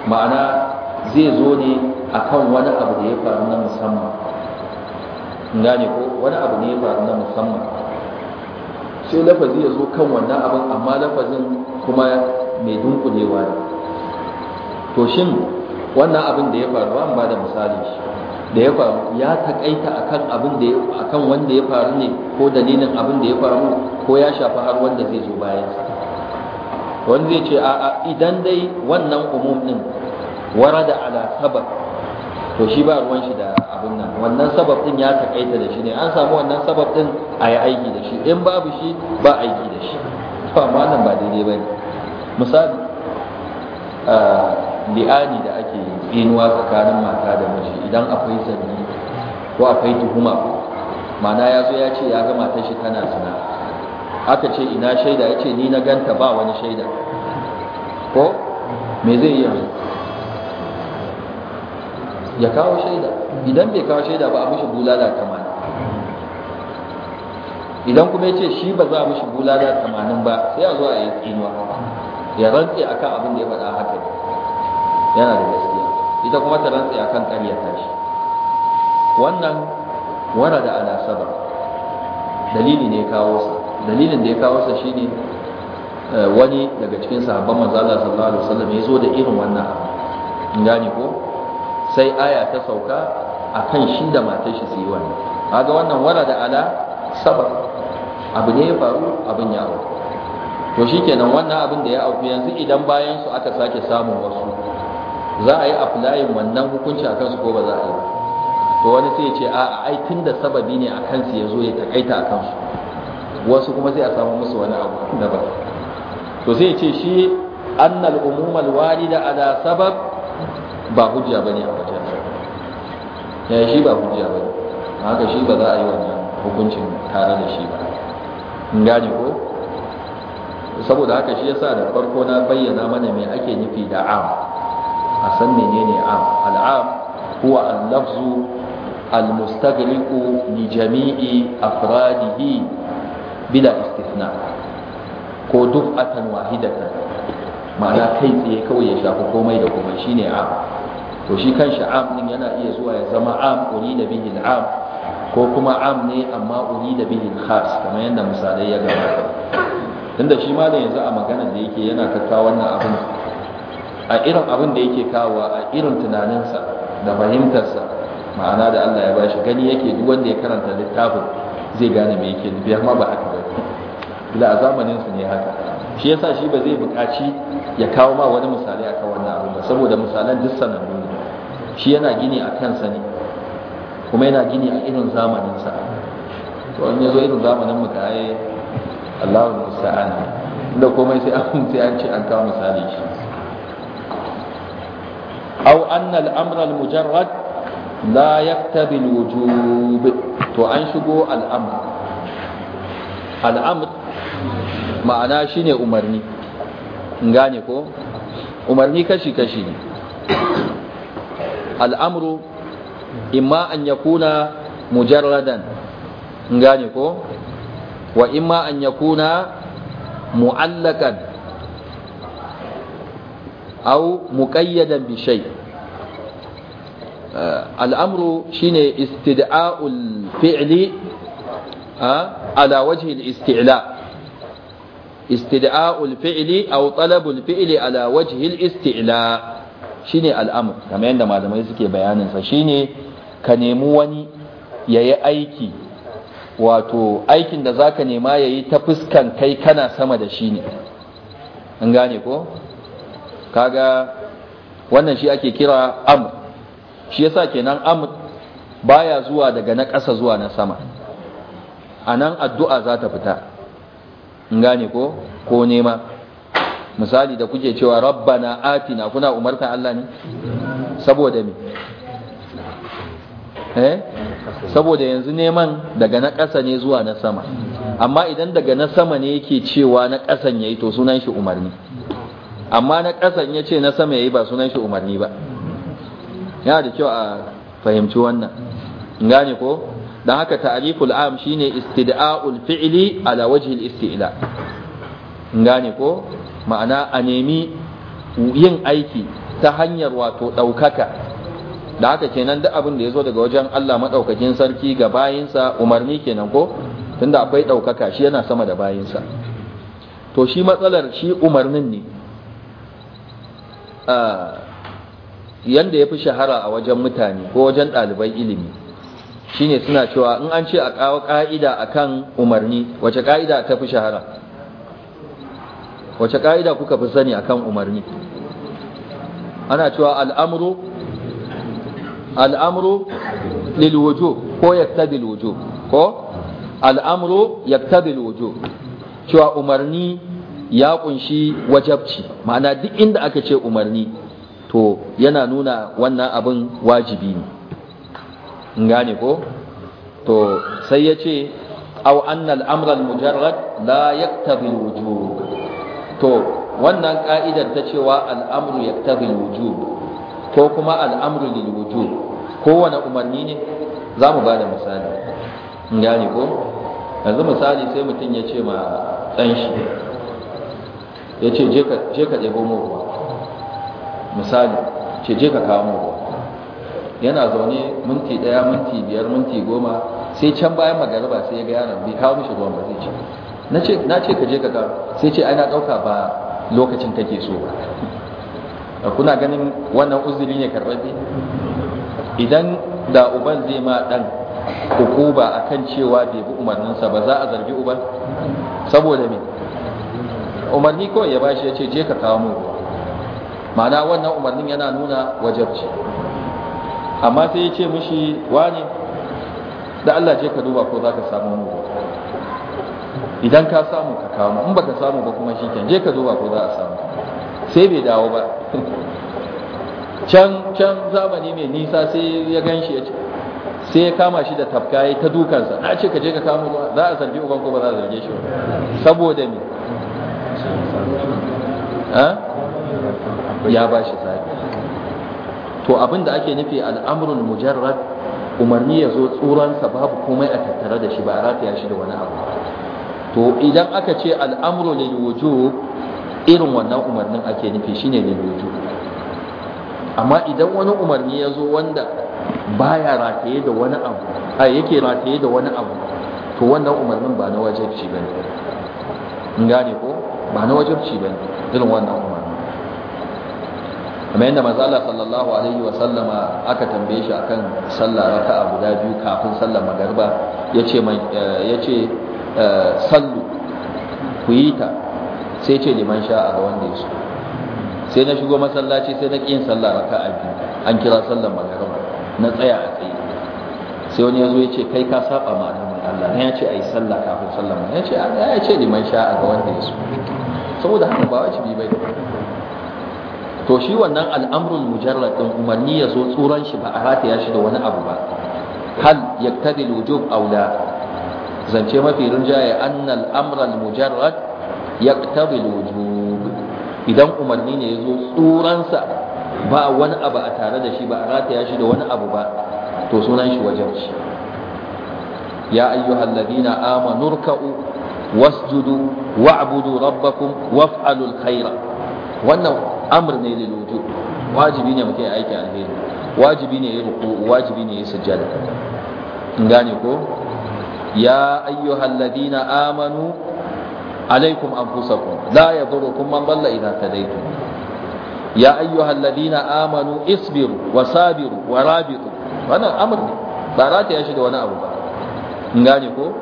ma'ana zai zo ne akan wani abu da ya faru na musamman gane ko wani abu ne ya faru na musamman sai lafazi ya zo kan wannan abin amma lafazin kuma mai dunkulewa ne to shin wannan abin da ya faru an ba da misali shi da ya faru ya takaita akan abin da akan wanda ya faru ne ko dalilin abin da ya faru ko ya shafi har wanda zai zo bayan sa wanda zai ce a idan dai wannan umum din warada ala sabab to shi ba ruwan shi da abin nan wannan sabab din ya takaita da shi ne an samu wannan sabab din a yi aiki da shi in babu shi ba aiki da shi to amma nan ba daidai ba ne misali li'ani da ake inuwa tsakanin mata da mace idan akwai zargi ko akwai tuhuma mana ya zo ya ce ya ga matar shi tana suna aka ce ina shaida ya ce ni na ganta ba wani shaida ko me zai yi ya kawo shaida idan bai kawo shaida ba a mishi bulala tamanin idan kuma ya ce shi ba za a mishi bulala tamanin ba sai a zo a yi inuwa. ya rantse akan abin da ya faɗa haka ne yana da gaskiya ita kuma ta rantse akan ƙaryata shi wannan wara da ala saba dalili ne kawo sa dalilin da ya kawo sa shine eh, wani daga cikin sahabban manzo Allah sallallahu alaihi wasallam ya zo da irin wannan in gani ko sai aya ta sauka akan shi da matar shi su yi wannan kaga wannan wara da ala sabar abu ne ya faru abin ya auku to shikenan wannan abin da ya auku yanzu idan bayan su aka sake samun wasu za a yi applying wannan hukunci a kansu ko ba za a yi to wani sai ya ce a ai tun da sababi ne a kansu ya zo ya takaita a kansu wasu kuma sai a samu musu wani abu daban to sai ya ce shi annal umumal walida ala sabab ba hujja bane a wajen ya shi ba hujja bane haka shi ba za a yi wannan hukuncin tare da shi ba in gane ko saboda haka shi yasa da farko na bayyana mana me ake nufi da am a san menene am al'am huwa al-lafzu al-mustaghliqu li jami'i afradihi bila istithna ko duk atan wahidatan ma'ana kai tsaye kawai ya shafi komai da komai shine am to shi kanshi am din yana iya zuwa ya zama am uri da bihi am ko kuma am ne amma uri da bihi khas kamar yadda misalai ya gabata tunda shi ma da yanzu a magana da yake yana kakka wannan abin a irin abin da yake kawo a irin tunaninsa da fahimtarsa ma'ana da Allah ya bashi gani yake duk wanda ya karanta littafin zai gane me yake nufi amma ba haka ba bila a zamanin su ne haka shi yasa shi ba zai buƙaci ya kawo ma wani misali kan wannan abin ba saboda misalan duk sanannu ne shi yana gini a kansa ne kuma yana gini a irin zamaninsa to in ya zo irin zamanin mu Allahu sa'ani da komai sai an sai an ce an kawo misali shi aw anna al-amra al-mujarrad la yaktabi al-wujub to an shigo al-amr al-amr ma'ana shine umarni gane ko umarni kashi kashi ne al-amru imma an yakuna mujarradan gane ko وإما أن يكون معلقا أو مقيدا بشيء الأمر شيني استدعاء الفعل على وجه الاستعلاء استدعاء الفعل أو طلب الفعل على وجه الاستعلاء شيني الأمر كما عندما يزكي يسكي بيانا فشيني كنمواني يأيكي أيكي wato aikin da zaka nema yayi ta fuskan kai kana sama da shi ne an gane ko kaga wannan shi ake kira amr shi yasa kenan amr baya zuwa daga na ƙasa zuwa na sama anan addu'a za ta fita an gane ko ko nema misali da kuke cewa rabbana atina kuna umartan Allah ne saboda me eh saboda yanzu neman daga na ƙasa ne zuwa na sama amma idan daga na sama ne yake cewa na ƙasan yayi to sunan shi umarni amma na ƙasan ya ce na sama yayi ba sunan shi umarni ba yana da kyau a fahimci wannan gane ko dan haka ta'riful am shine istida'ul fi'li ala wajhi al-istila gane ko ma'ana a nemi yin aiki ta hanyar wato ɗaukaka da haka kenan duk abin da ya zo daga wajen Allah maɗaukakin sarki ga bayinsa umarni kenan ko tunda akwai ɗaukaka shi yana sama da bayinsa to shi matsalar shi umarnin ne ah, yanda ya fi shahara a wajen mutane ko wajen ɗaliban ilimi shine suna cewa in an ce a kawo ka'ida akan umarni wace ka'ida ta fi shahara wace ka'ida kuka fi sani akan umarni ana cewa al'amuru al'amru lil ko yaqtadi al wujub ko al'amru yaqtadi al wujub cewa umarni ya ƙunshi wajabci ma'ana duk inda aka ce umarni to yana nuna wannan abin wajibi ne gane ko to sai ya ce au annal amral mujarrad la yaktabi wujub to wannan ka'idar ta cewa al'amru yaktabi wujub ko kuma al'amru lil kowane umarni ne za mu ba da misali in gane ko yanzu misali sai mutum ya ce ma ɗan shi ya ce je ka ɗebo mu ruwa misali ce je ka kawo mu ruwa yana zaune minti ɗaya minti biyar minti goma sai can bayan magariba sai ya ga na bai kawo mishi ruwan ba zai ce na ce ka je ka kawo sai ce aina ɗauka ba lokacin kake so ba kuna ganin wannan uzuri ne karɓaɓɓe idan da uban zai ma dan hukuba akan cewa bai bi umarninsa ba za a zargi uban saboda me umarni kawai ya bashi ya ce je ka kawo mu Mana ma'ana wannan umarnin yana nuna wajabci amma sai ya ce mishi wani da Allah je ka duba ko za ka samu mu idan ka samu ka kawo mu in baka samu ba kuma shikenan je ka duba ko za a samu sai bai dawo ba *laughs* can can zamani mai nisa sai ya gan shi ya ce sai ya kama shi da tafka ya ta dukansa na ce ka je ka kama ruwa za a zargi uban ko ba za a zarge shi ba saboda ne ya ba shi zaɓi to abin da ake nufi al'amrun mujarrad umarni ya zo tsoronsa babu komai a tattare da shi ba a rataya shi da wani abu to idan aka ce al'amru lil wujub irin wannan umarnin ake nufi shine lil wujub amma idan wani umarni ya zo wanda baya rataye da wani abu a yake rataye da wani abu to wannan umarnin ba na wajibci ba ne in gane ko ba na wajibci ba ne irin wannan umarni amma yadda mazala sallallahu alaihi wa sallama aka tambaye shi akan sallah a guda biyu kafin sallar magariba ya ce eh, eh, sallu ku yi ta sai ce liman sha'a ga wanda ya so sai na shigo masallaci sai na kiyin sallah raka'a biyu an kira sallar magariba na tsaya a tsaye sai wani yazo ya ce kai ka saba ma annabin Allah ne ya ce ayi sallah kafin sallar ya ce Allah ya ce liman sha'a ga wanda ya so saboda haka ba bi bai to shi wannan al'amrul mujarrad din umarni ya zo tsuran shi ba a rataya shi da wani abu ba hal yaktadi wujub aw la zance mafi rinjaye annal amral mujarrad yaqtabi wujub idan umarni ne ya zo tsuransa ba wani abu a tare da shi ba a rataya shi da wani abu ba to sunan shi wajen shi ya ayyuhal ladina amanu ruk'u wasjudu wa'budu rabbakum waf'alul khaira wannan amr ne da wujub wajibi ne mutum ya aiki alheri wajibi ne ya ruku wajibi ne ya sujjada gane ko ya ayyuhal ladina amanu alaikum anfusakum la yadurrukum man dalla idza tadaytum ya ayyuhal ladina amanu isbiru Wasabiru, sabiru wannan amr ne ba rata ya shi da wani abu ba in gane ko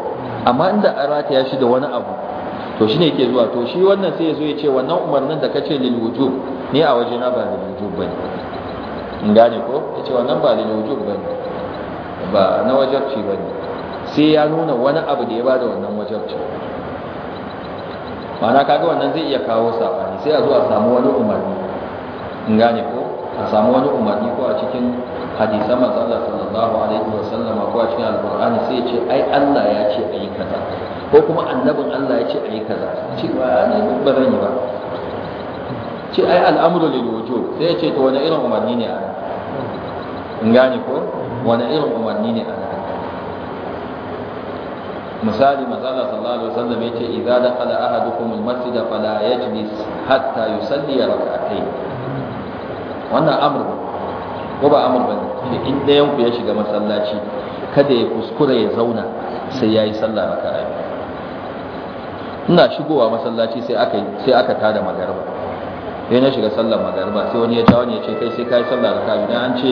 amma inda rata ya shi da wani abu to shine yake zuwa to shi wannan sai ya zo ya ce wannan umarnin da kace lil wujub ne a waje na ba lil wujub ne. in gane ko ya ce wannan ba lil wujub ne ba na wajabci ba ne sai ya nuna wani abu da ya bada wannan wajabci mana kaga wannan zai iya kawo sabani sai a zo a samu wani umarni in gane ko a samu wani umarni ko a cikin hadisan manzo Allah sallallahu alaihi sallama ko a cikin alqur'ani sai ya ce ai Allah ya ce ayi kaza ko kuma annabin Allah ya ce ayi kaza ce ba ne ba zan yi ba ce ai al'amru lil wujub sai ya ce to wani irin umarni ne a in gane ko wani irin umarni ne a misali mazala sallallahu alaihi wasallam yace idza dakala ahadukum almasjid fala yajlis hatta yusalli rak'atayn wannan amr ko ba amr bane da in da yanku ya shiga masallaci kada ya kuskura ya zauna sai yayi sallah raka'a ina shigowa masallaci sai aka sai aka tada magariba sai na shiga sallar magariba sai wani ya ta wani ya ce kai sai kai sallar raka'a idan an ce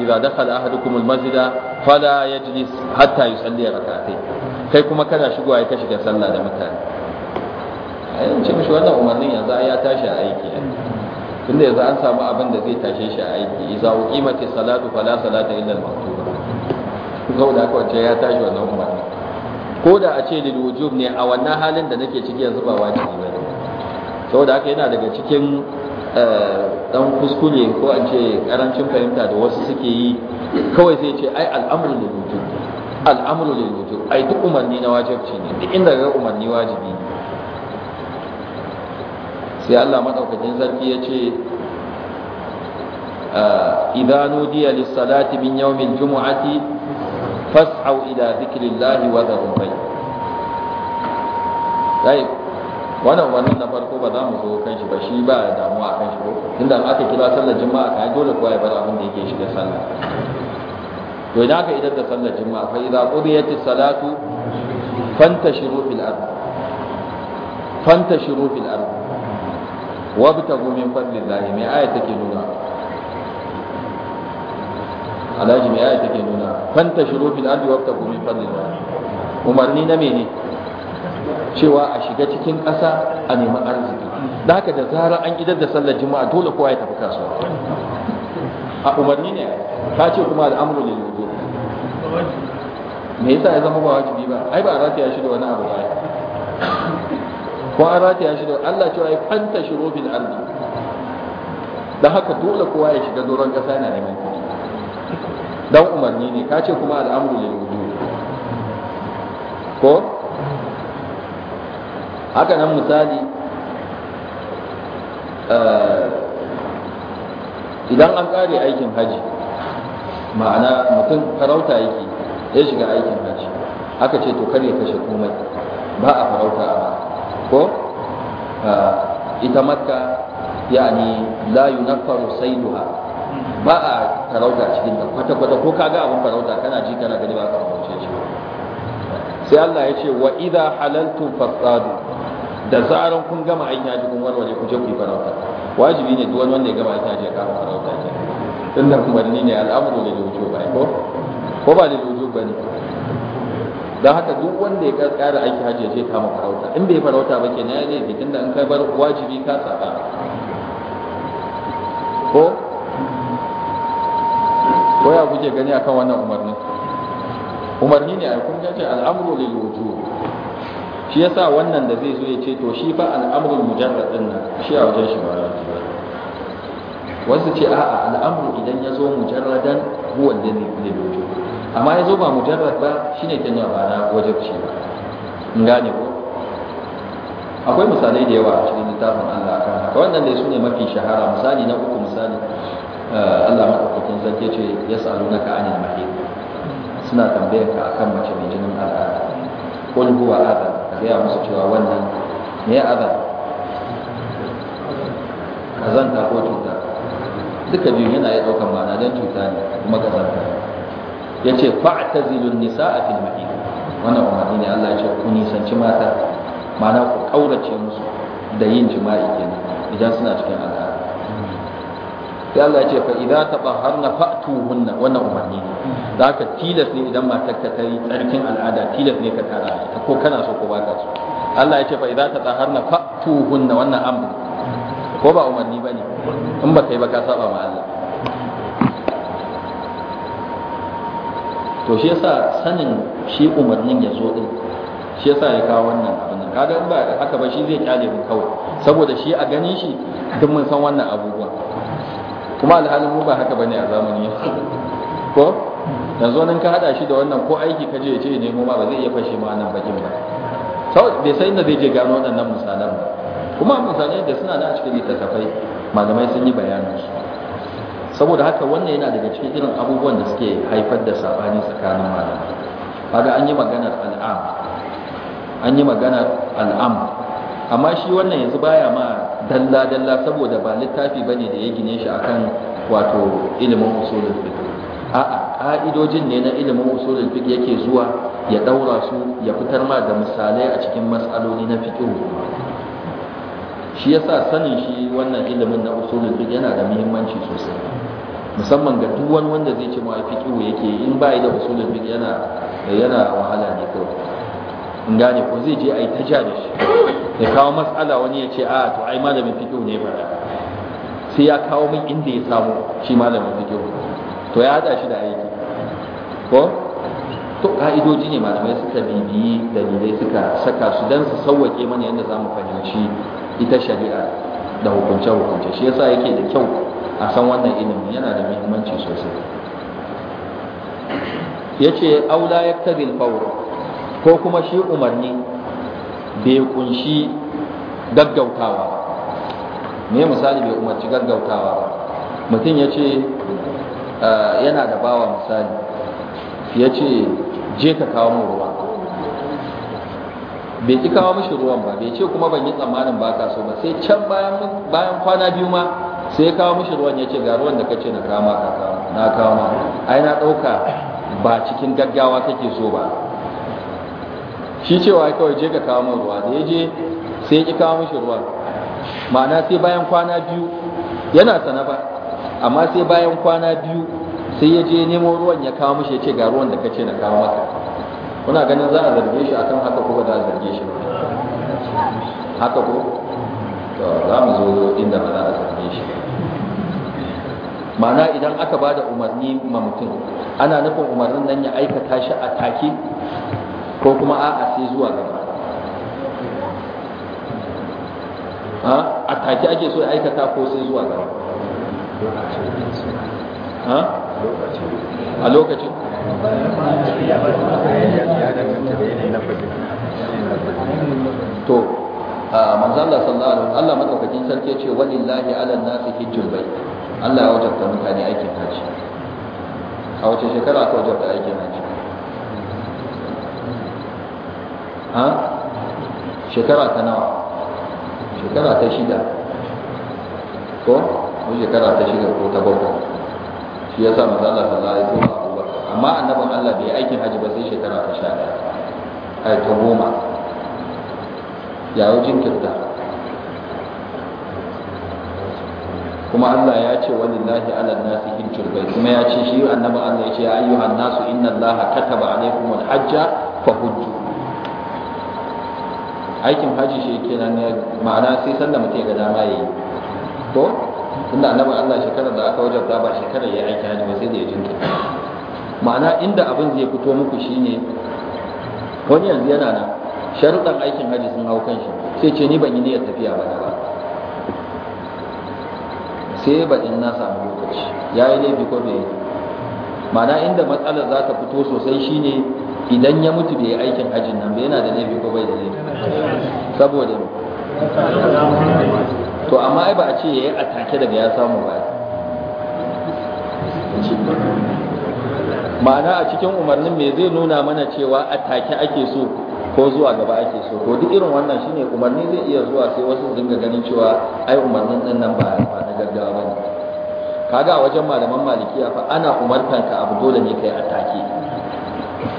إذا دخل أحدكم المسجد فلا يجلس حتى يصلي ركعتين kai kuma kana shigowa ya shiga salla, da mutane ayin ce mishi umarnin yanzu ya tashi a aiki tunda yanzu an samu abin da zai tashe shi a aiki idza uqimati salatu fala salata illa al-maktuba saboda ya tashi ko da a ce lil wujub ne a wannan halin da nake ciki yanzu ba wajibi bane saboda haka yana daga cikin Eh, dan kuskure ko an ce karancin fahimta da wasu suke yi kawai sai ce ai al'amru lil wujub al'amru lil wujub ai duk umarni na wajibi ne duk inda ga umarni wajibi sai Allah madaukakin sarki ya ce eh, idza nudiya lis salati min yawmil jumu'ati fas'au ila dhikrillahi wa dharul wannan wannan na farko ba za mu zo kan shi ba shi ba damuwa kan shi ko tunda aka kira sallar juma'a kai dole kowa ya bar abin da yake shiga sallar. to idan aka idar da sallar juma'a fa idza qudiyatis salatu fantashiru fil ard fantashiru fil ard wabtagu min fadlillahi mai aya take nuna alhaji mai aya take nuna fantashiru fil ard wabtagu min fadlillahi umarni na mene cewa a shiga cikin ƙasa a nemi arziki da haka da zarar an idar da sallar juma'a dole kowa ya tafi kasuwa a umarni ne ka ce kuma al'amuru ne lodo me yasa ya zama ba wajibi ba ai ba a rataya shi da wani abu ba ko a rataya shi da Allah cewa ya fanta shiro bil ardi dan haka dole kowa ya shiga doron ƙasa yana neman kuɗi dan umarni ne ka ce kuma al'amuru ne lodo ko haka nan misali eh, idan an kare aikin haji ma'ana mutum farauta yake ya shiga aikin haji aka ce to kare kashe komai ba a farauta a ko eh, ita makka yani la yunaffaru saiduha ba a farauta cikin da kwata-kwata ko kaga abin farauta kana ji kana gani ba ka farauce shi sai Allah ya ce wa idha halaltum fasadu da zaran kun gama aikin haji kun warware ku je ku yi farauta wajibi ne duk wanda ya gama aikin haji ya kama farauta ke tun da umarni ne al'amuru ne da wujo ba ko ko ba da wujo ba ne don haka duk wanda ya kara aiki haji ya je kama farauta in bai farauta ba na ya ne bikin da in kai bar wajibi ka saba ko ko ya kuke gani akan wannan umarni. umarni ne a kun ce al'amuru lil wujub shi yasa wannan da zai zo ya ce to shi fa al'amrul mujarrad din nan shi a wajen shi ba wasu ce a'a al'amru idan ya zo mujarradan huwa da ne amma ya zo ba mujarrad ba shine kin ba na wajibci ba in gane ko akwai misalai da yawa a cikin littafin Allah kan haka wannan dai sune mafi shahara misali na uku misali eh, Allah madaukakin sarki ce ya yas'alunaka na mahid suna tambayar ka akan mace mai jinin al'ada qul huwa adab ka gaya musu cewa wannan me azan kazanta ko cuta duka biyu yana ya ɗaukan ma'ana don cuta ne kuma kazanta ya ce fa'tazilun a fil mahid wannan umarni ne Allah ya ce ku nisanci mata ma'ana ku ƙaurace musu da yin jima'i kenan idan suna cikin al'ada sai Allah ya ce fa idza tabaharna hunna wannan umarni ne da ka tilas ne idan matar ka tayi tsarkin al'ada tilas ne ka tara ta ko kana so ko baka so Allah ya ce fa idza tabaharna hunna wannan amr ko ba umarni bane in ba kai ba ka saba ma Allah to shi yasa sanin shi umarnin ya zo din shi yasa ya kawo wannan abin nan kaga in ba haka ba shi zai kyale mu kawai saboda shi a ganin shi duk mun san wannan abubuwa kuma alhalin mu ba haka bane a zamani ko yanzu nan ka hada shi da wannan ko aiki kaje ya ce ya nemo ba ba zai iya fashe ma nan bakin ba sau bai san inda zai je gano waɗannan misalan ba kuma misalan da suna da a cikin littattafai malamai sun yi bayanin su saboda haka wannan yana daga cikin irin abubuwan da suke haifar da sabani tsakanin malamai kaga an yi maganar al'am an yi maganar al'am amma shi wannan yanzu baya ma dalla dalla saboda ba littafi bane da ya gine shi akan wato ilimin usulul fiqh a'a ka'idojin ne na ilimin usulul fiqh yake zuwa ya daura su ya fitar ma da misalai a cikin matsaloli na fiqh shi yasa sanin shi wannan ilimin na usulul fiqh yana da muhimmanci sosai musamman ga duk wani wanda zai ce ma fiqh yake in bai da usulul fiqh yana yana wahala ne kawai in gane ko zai je a yi taja da shi ya kawo matsala wani ya ce a to ai malamin fikiyo ne ba sai ya kawo min inda ya samu shi malamin fikiyo to ya hada shi da aiki ko to ka'idoji ne malamai suka bibiyi dalilai suka saka su don su sauwaƙe mana yadda za mu fahimci ita shari'a da hukunce-hukunce shi yasa yake da kyau a san wannan ilimin yana da muhimmanci sosai ya ce aula ya fawr ko kuma shi umarni bai kunshi gaggautawa ne misali bai umarci gaggautawa mutum ya ce ah, yana da bawa misali ya ce je ka kawo mu ruwa bai ci kawo mashi ruwan ba bai ce kuma ban yi tsammanin ba ka so ba sai can bayan kwana biyu ma sai kawo mashi ruwan ya ce ga ruwan da kace na kama ka kawo na kawo ma ai na ɗauka ba cikin gaggawa kake so ba shi cewa kawai je ka kawo min ruwa da ya je sai ya kawo mishi ruwa ma'ana sai bayan kwana biyu yana sana ba amma sai bayan kwana biyu sai ya je nemo ruwan ya kawo mishi ya ce ga ruwan da kace na kawo maka kuna ganin za a zarge shi akan haka ko da a zarge shi haka ko to za mu zo inda ba za a zarge shi ma'ana idan aka ba da umarni ma mutum ana nufin umarnin nan ya aikata shi a take ko kuma a'a sai zuwa gaba a take ake so aikata ko sai zuwa gaba a lokacin to manzala sallallahu Allah madaukakin sarki ya ce walillahi ala nasi hijjul bait Allah ya wajabta mutane aikin haji a wace shekara ka wajabta aikin haji ha shekara ta nawa shekara ta shida ko ko shekara ta shida ko ta bakwai shi ya sa maza Allah ta zai ko abubakar amma annabin Allah bai aikin hajji ba sai shekara ta sha ɗaya ai ta goma yawo jinkirta kuma Allah ya ce walillahi ala nasi hijjul bai kuma ya ce shi annabin Allah ya ce ayyuhan nasu inna Allah kataba alaikumul hajja fa hujju aikin haji shi nan ne ma'ana sai sanda mutum ya ga dama ya yi ko inda annabi Allah shekarar da aka wajen ba shekarar ya aiki haji ba sai da ya jinta. ma'ana inda abin zai fito muku shi ne. wani yanzu yana nan sharuɗan aikin haji sun hau kan shi sai ce ni ban yi niyyar tafiya ba ba sai ba in na samu lokaci ya yi laifi ko bai ma'ana inda matsalar za ta fito sosai shine idan ya mutu bai yi aikin hajjin nan bai yana da laifi ko bai da laifi saboda to amma ai ba a ce yayi atake daga ya samu ba ma'ana a cikin umarnin me zai nuna mana cewa atake ake so ko zuwa gaba ake so ko duk irin wannan shine umarni zai iya zuwa sai wasu su dinga ganin cewa ai umarnin din nan ba ba na gaggawa bane kaga a wajen malaman malikiya fa ana umartanka abu dole ne kai atake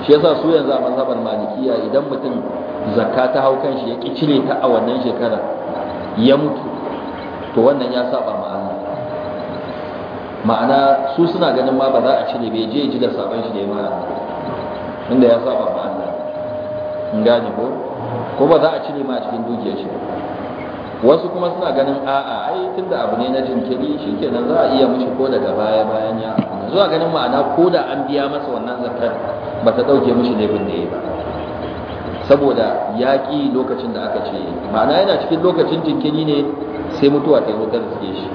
shi yasa su yanzu a mazhabar malikiya idan mutum zakka ta hau kan shi ya kicire ta a wannan shekarar ya mutu to wannan ya saba ma'ana ma'ana su suna ganin ma ba za a cire bai je ji da saban shi da ya mara inda ya saba ma'ana in gane ko ko ba za a cire ma a cikin dukiyar shi wasu kuma suna ganin a'a ai tunda abu ne na jinkiri shi shikenan za a iya mushi ko daga baya bayan ya abu zuwa ganin ma'ana ko da an biya masa wannan zakar ba ta dauke ne laifin da ya ba saboda ya ƙi lokacin da aka ce ma'ana yana cikin lokacin jinkiri ne sai mutuwa ta wutar ta suke shi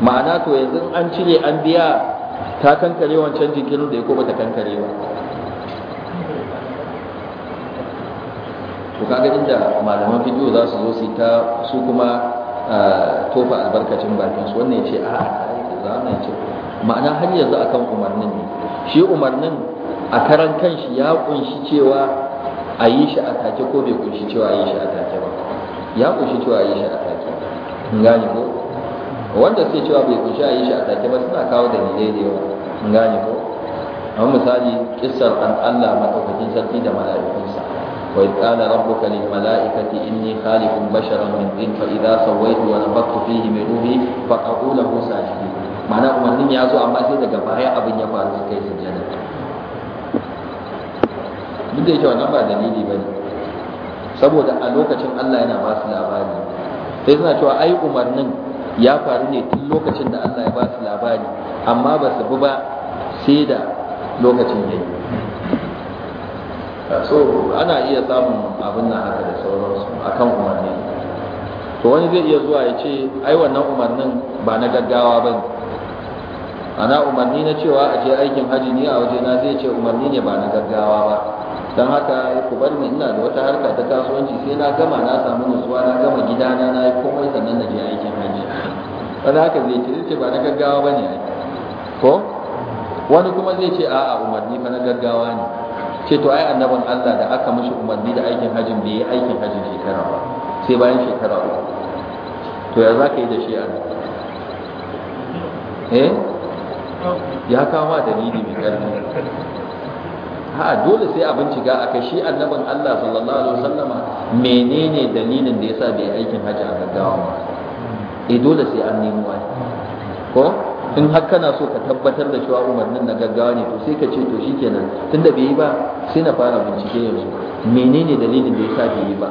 ma'ana to yanzu an cire an biya ta kankare wancan jinkirin da ya ko bata kankare ba to kaga inda malaman fiqh za su zo su ta su kuma tofa albarkacin bakin su wannan yace a'a za wannan yace ma'ana har yanzu akan umarnin ne shi umarnin a karan kanshi ya kunshi cewa a yi shi a take ko bai kunshi cewa a yi shi a take ba ya kunshi cewa a yi shi a take gane ko wanda sai cewa bai kunshi a yi shi a take ba suna kawo da dalilai da yawa gane ko amma misali kissar an Allah madaukakin sarki da mala'ikunsa وإذ قال ربك للملائكة إني خالق بشرا من طين فإذا سويت ونفخت فيه من روحي فقعوا له ساجدين معنى أمرني يا زو أما سيدا كفاية أبن يفعل سكي سجدا duk da yake ba dalili ba ne saboda a lokacin Allah yana ba su labari sai suna cewa ai umarnin ya faru ne tun lokacin da Allah ya ba su labari amma ba su bi ba sai da lokacin yayi so ana iya samun abin nan haka da sauransu akan umarni to wani zai iya zuwa ya ce ai wannan umarnin ba na gaggawa ba ne ana umarni na cewa a je aikin hajji ni a waje na zai ce umarni ne ba na gaggawa ba don haka ku bar ni ina da wata harka ta kasuwanci sai na gama na samu nutsuwa na gama gidana na yi komai sannan na je aikin haji wani haka zai ce zai ce ba na gaggawa ba ne ko wani kuma zai ce a'a umarni fa na gaggawa ne ce to ai annabin Allah da aka mishi umarni da aikin hajjin bai yi aikin hajjin shekara ba sai bayan shekara uku to ya za ka yi da shi a eh ya kama dalili mai ƙarfi ha dole sai a bincika aka shi annabin Allah sallallahu alaihi wasallama menene dalilin da yasa bai aikin hajji a gaggawa ba eh dole sai an nemo ai ko in har kana so ka tabbatar da cewa umarnin na gaggawa ne to sai ka ce to shikenan tunda bai yi ba sai na fara bincike yanzu menene dalilin da ya sa bai yi ba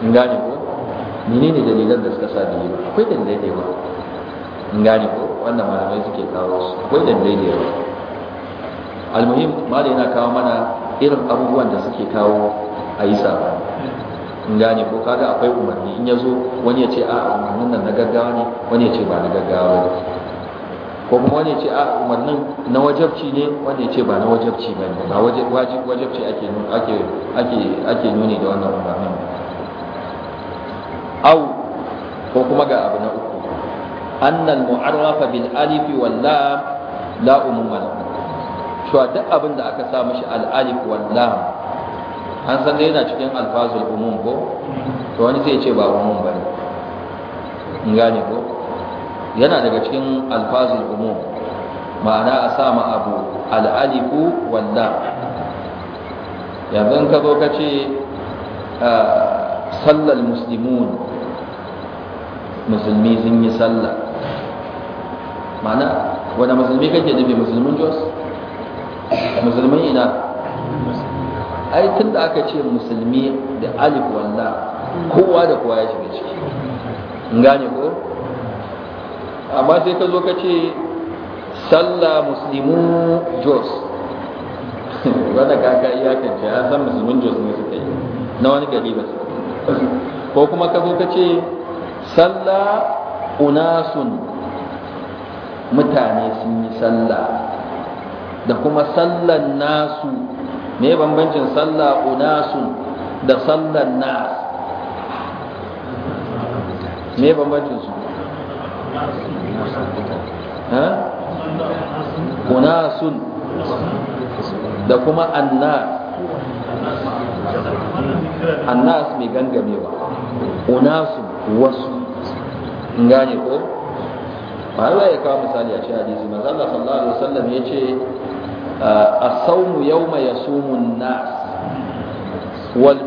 in gane ko menene dalilan da suka sa bai yi ba akwai dalilai da yawa in gane ko wannan malamai suke kawo su akwai dalilai da yawa almuhim malai yana kawo mana irin abubuwan da suke kawo a yi sabani in gane ko kaga akwai umarni in ya zo wani ya ce a umarnin nan na gaggawa ne wani ya ce ba na gaggawa ne ko kuma wani ce a ah, umarnin na wajabci ne wani ce ba na wajabci ba ne ba wajabci ake nuni da wannan umarnin au ko kuma ga abu na uku annal mu'arrafa bil alif wal lam la umuma lahu cewa duk abin da aka sa mishi al alif wal lam an san yana cikin alfazul umum ko to wani zai ce ba umum bane in gane ko yana daga cikin alfazul umum ma'ana a sama abu al'alifu walla yanzu ka zo ka ce ah, sallal muslimun musulmi sun yi sallah ma'ana wanda musulmi kake nufi musulmin jos musulmin ina ai tun da aka ce musulmi da alif walla kowa da kowa ya shiga ciki gane ko amma sai ka zo ka ce sallah muslimu jos *laughs* wanda kaka ce ya san musulmin jos ne suka yi na wani gari ba ko kuma ka zo ka ce sallah unasun mutane sun yi sallah da kuma sallan nasu me bambancin sallah unasun da sallan nasu, me bambancin su unasun da kuma annas annas mai gangamewa unasun wasu gane ko ma'arwa ya kawo misali a shi hadisi manzo Allah sallallahu alaihi wasallam ya ce a as-sawmu yawma yasumun nas wal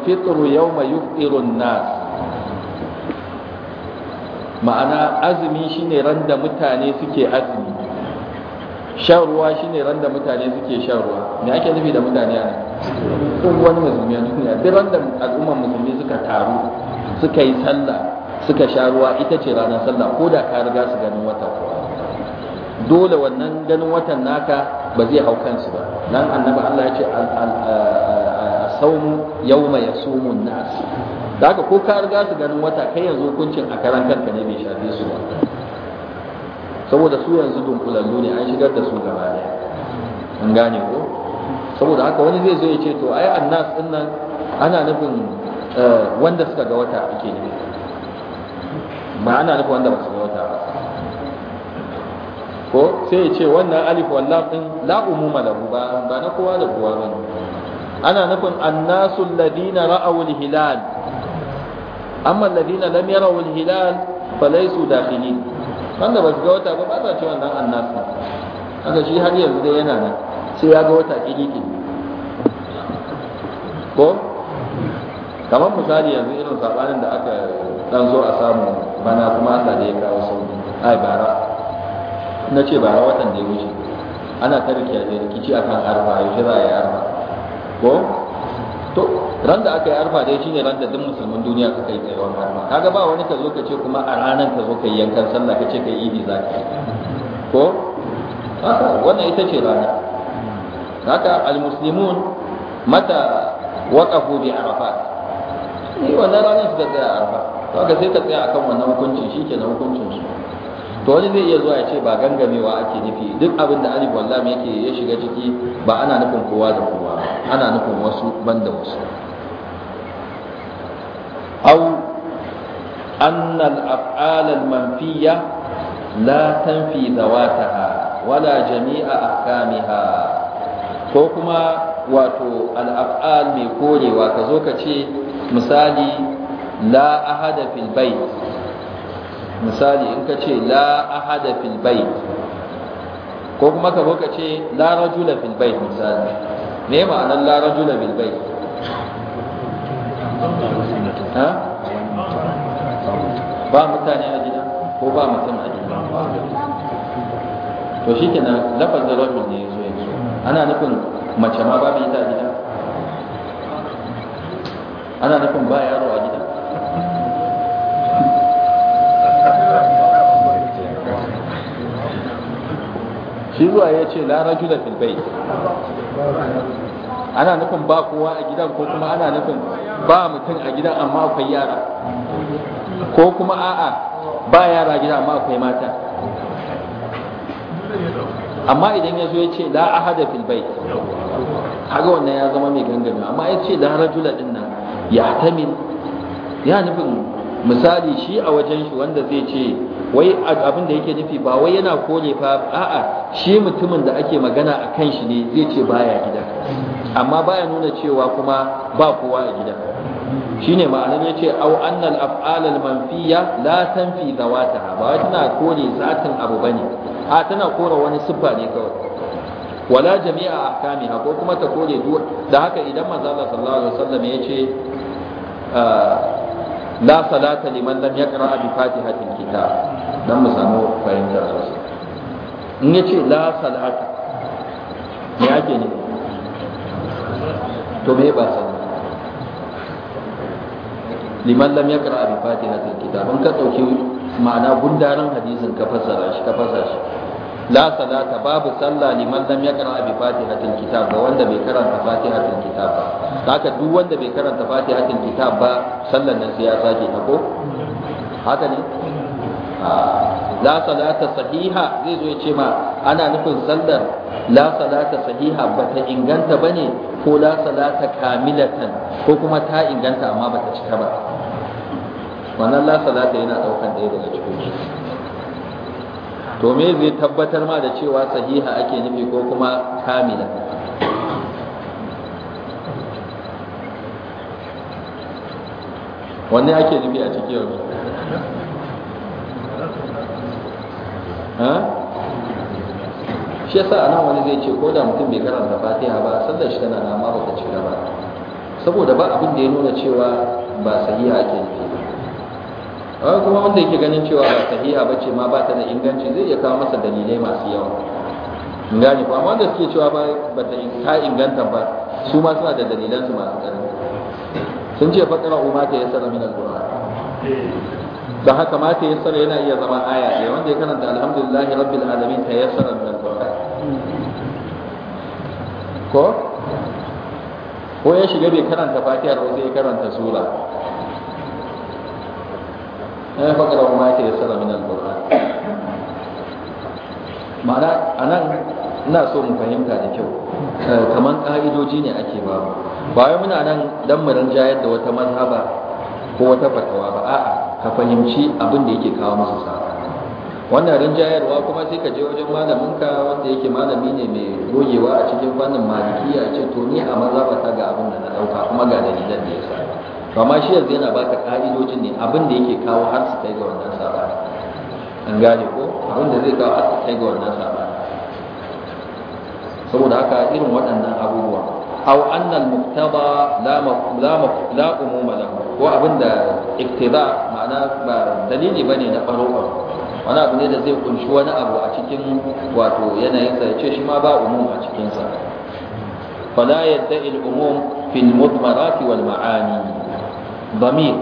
mai yuk irun nas ma'ana azumi shine ran da mutane suke azumi shan ruwa shine ran da mutane suke shan ruwa me ake nufi da mutane a nan wani musulmi a duniya duk ran da al'ummar musulmi suka taru suka yi sallah suka sha ruwa ita ce ranar sallah ko da ka riga su ganin wata dole wannan ganin watan naka ba zai hau kansu ba nan annabi Allah ya ce al sawmu yawma yasumun nas da ko ka riga su ganin wata kai yanzu hukuncin a karan kanka ne bai shafe su ba saboda su yanzu dunkulallu ne an shigar da su gaba ne an gane ko saboda haka wani zai zo ya ce to ai annas din nan ana nufin eh, wanda suka ga wata ake ne ma ana nufin wanda ba su ga wata ba ko sai ya ce wannan alif wallah din la umuma lahu ba ba na kowa da kowa bane ana nufin annasul ladina ra'awul hilal amma alladhina lam yarawu al-hilal laysu dakhilin wanda ba su ga wata ba ba za cewa wannan annas ne haka shi har yanzu dai yana nan sai ya ga wata kiriki ko kamar misali yanzu irin sabanin da aka dan zo a samu bana kuma Allah da ya kawo sauki ai bara na ce bara watan da ya wuce ana ta rikici akan arfa shi za a yi arba. ko to ran da aka yi arfa dai shine ran da duk musulmin duniya suka yi tsayuwar arfa kaga ba wani ka zo ka ce kuma a ranar ka zo ka yi yankan sallah ka ce ka yi idi zaka yi ko haka wannan ita ce rana haka almuslimun mata waqafu bi arafat ni wannan ranar su da arfa to ka sai ka tsaya akan wannan hukuncin shikenan hukuncin su to wani zai iya zuwa ya ce ba gangamewa ake nufi duk abin da alif wallam yake ya shiga ciki ba ana nufin kowa da kowa ana nufin wasu banda wasu aw anna al-af'al al-manfiyya la tanfi zawataha wala jami'a ahkamiha ko kuma wato al-af'al mai korewa ka zo ka ce misali la ahada fil bayt misali in ka ce la ahada fil bait ko kuma ka ka ce la rajula fil bait misali me ma'anar la rajula fil bait ba mutane a gida ko ba mutum a gida to shi shikenan lafazin rajul ne yazo yanzu ana nufin mace ma ba mai ta gida ana nufin ba yaro a gida shi zuwa ya ce la rajula fil ana nufin ba kowa a gidan ko kuma ana nufin ba mutum a gidan amma akwai yara ko kuma a'a ba yara gidan amma akwai mata amma idan ya zo ya ce la ahada fil Haga kaga wannan ya zama mai gangami amma ya ce la rajula dinna, ya tamil ya nufin misali shi a wajen shi wanda zai ce wai abin da yake nufi ba wai yana kore fa a'a shi mutumin da ake magana a kan shi ne zai ce baya gida amma baya nuna cewa kuma ba kowa a gida shine ma'anar yace au annal af'alal manfiya la tanfi zawataha ba wai tana kore zatin abu bane a tana kore wani siffa ne kawai wala jami'a ahkamiha ko kuma ta kore duk da haka idan manzo sallallahu alaihi wasallam yace ah, la salata liman lam yaqra bi fatihatil kitab dan mu samu fahimtar sosai in yace la salata me ake ne to me ba sa liman lam yaqra bi fatihatil kitab in ka dauki ma'ana gundarin hadisin ka fassara shi ka fassara shi la babu sallah liman lam yaqra bi fatihatil kitab ga wanda bai karanta fatihatil kitab ba haka duk wanda bai karanta fatihatil kitab ba sallan nan sai ya ta ko haka ne la salata sahiha zai zo ya ce ma ana nufin sallar la salata sahiha bata inganta bane ko la salata ko kuma ta inganta amma bata cika ba wannan yana daukan ɗaya daga cikin to me zai tabbatar ma da cewa sahiha ake nufi ko kuma kamila wanne ake nufi a cikin yau shi yasa anan wani zai ce ko da mutum bai karanta fatiha ba sallar shi tana na ba ta cika ba saboda ba abin da ya nuna cewa ba sahiha ake nufi a kuma wanda yake ganin cewa ba sahiha ba ce ma ba ta da inganci zai iya kawo masa dalilai masu yawa gane ko amma da suke cewa ba ba ta inganta ba su ma suna da dalilan su masu ƙarfi sun ce fakara umma ta yassara min alquran da haka ma ta yassara yana iya zama aya ne wanda ya karanta alhamdulillahi rabbil alamin ta yassara min alquran ko ko ya shiga bai karanta fatiha ko sai ya karanta sura na fakara wa ma tayassara min al-qur'an ma'ana nan, ina so mu fahimta da kyau eh, kamar ka'idoji ne ake ba ba muna nan don mu rinjayar da wata mazhaba ko wata fatawa ba a'a ka fahimci abin da yake kawo musu sa wannan rinjayarwa kuma sai ka je wajen malamin ka wanda yake malami ne mai gogewa a cikin fannin malikiya ce to ni a mazhabata ga abin da na dauka kuma ga dalilan da ya yasa to amma shi yanzu yana baka ka'idojin ne abin da yake kawo har su kai ga wannan sabani an gane ko abin da zai kawo har su kai ga wannan sabani saboda haka irin waɗannan abubuwa au anna muktaba muqtada la la la umuma lahu ko abinda iktida ma'ana ba dalili bane na faro wani abu ne da zai kunshi wani abu a cikin wato yanayin sa yace shi ma ba umum a cikin sa fala yadda al-umum fil mudmarati wal ma'ani bamir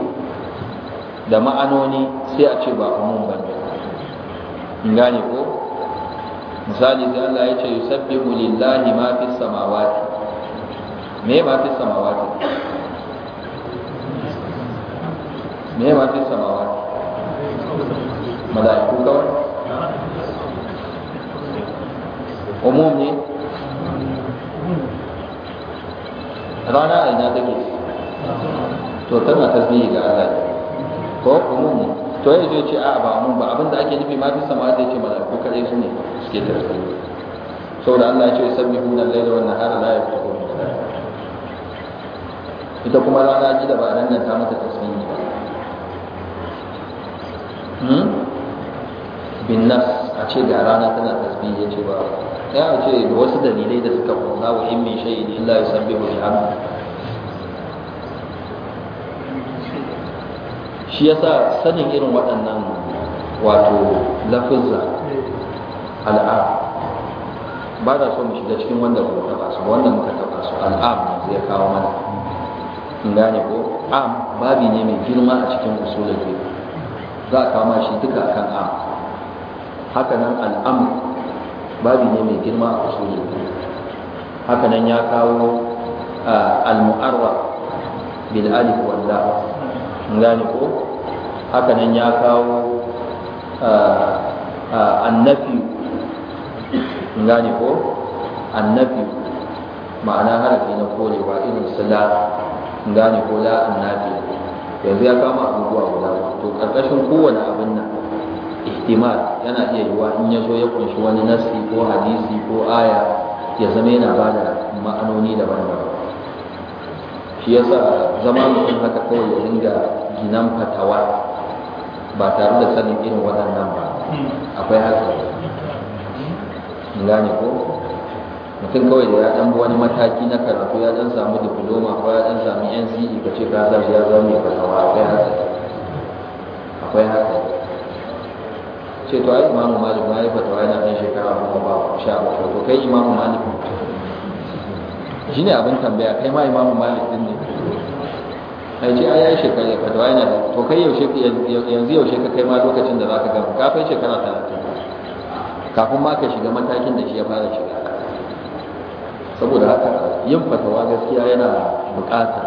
da ma'anoni sai a ce ba umum ne. in gane ko misali sai Allah ya ce yusabbihu lillahi ma fi samawati me ma fi samawati me ma fi samawati malaiku kawai umum ne rana a ina take to tana tasbihi ga Allah ko umumi to ya ce a ba mun ba abinda ake nufi ma fi sama da yake ko kare su ne suke tasbihi saboda Allah ya ce sabbihuna al-laila wa nahara la yaqulu ita kuma rana ji da ba nan ta mata tasbihi ba hmm bin nas a ce ga rana tana tasbihi ya ce ba ya ce wasu dalilai da suka kunna wa in min shay'in illa yusabbihu bihamdihi shi sa sanin irin waɗannan wato lafizza al'am ba na so mu shiga cikin wanda ba taɓa su wanda muka taɓa su al'am ne zai kawo mana in gane ko am babi ne mai girma a cikin usulul fiqh za a kama shi duka akan am haka nan al'am babi ne mai girma a usulul fiqh haka nan ya kawo ah, al muarra bil alif wal lam gane ko hakanan ya kawo annafi gane ko annafi ma'ana harafi na korewa irin su la gane ko la annafi yanzu ya kama abubuwa guda to karkashin kowane abin nan ihtimal yana iya yiwa in ya zo ya kunshi wani nasi ko hadisi ko aya ya zama yana ba da ma'anoni daban-daban shi yasa zama mutum haka kawai ya dinga ginan fatawa ba tare da sanin irin waɗannan ba akwai In gane ko mutum kawai da ya ɗan wani mataki na karatu ya ɗan samu diploma ko ya ɗan samu nce ka ce ka zaɓi ya zama ya kasawa akwai haka. akwai haka. ce to ai imamu malik ma ya fatawa yana ɗan shekara kuma ba sha ba to kai imamu malik shi ne abin tambaya kai ma imamu malik din ne ai ji ai ai shekara ya da wani to kai yaushe yanzu yaushe ka kai ma lokacin da zaka ga kafin shekara 30 kafin ma ka shiga matakin da shi ya fara shiga saboda haka yin fatawa gaskiya yana bukata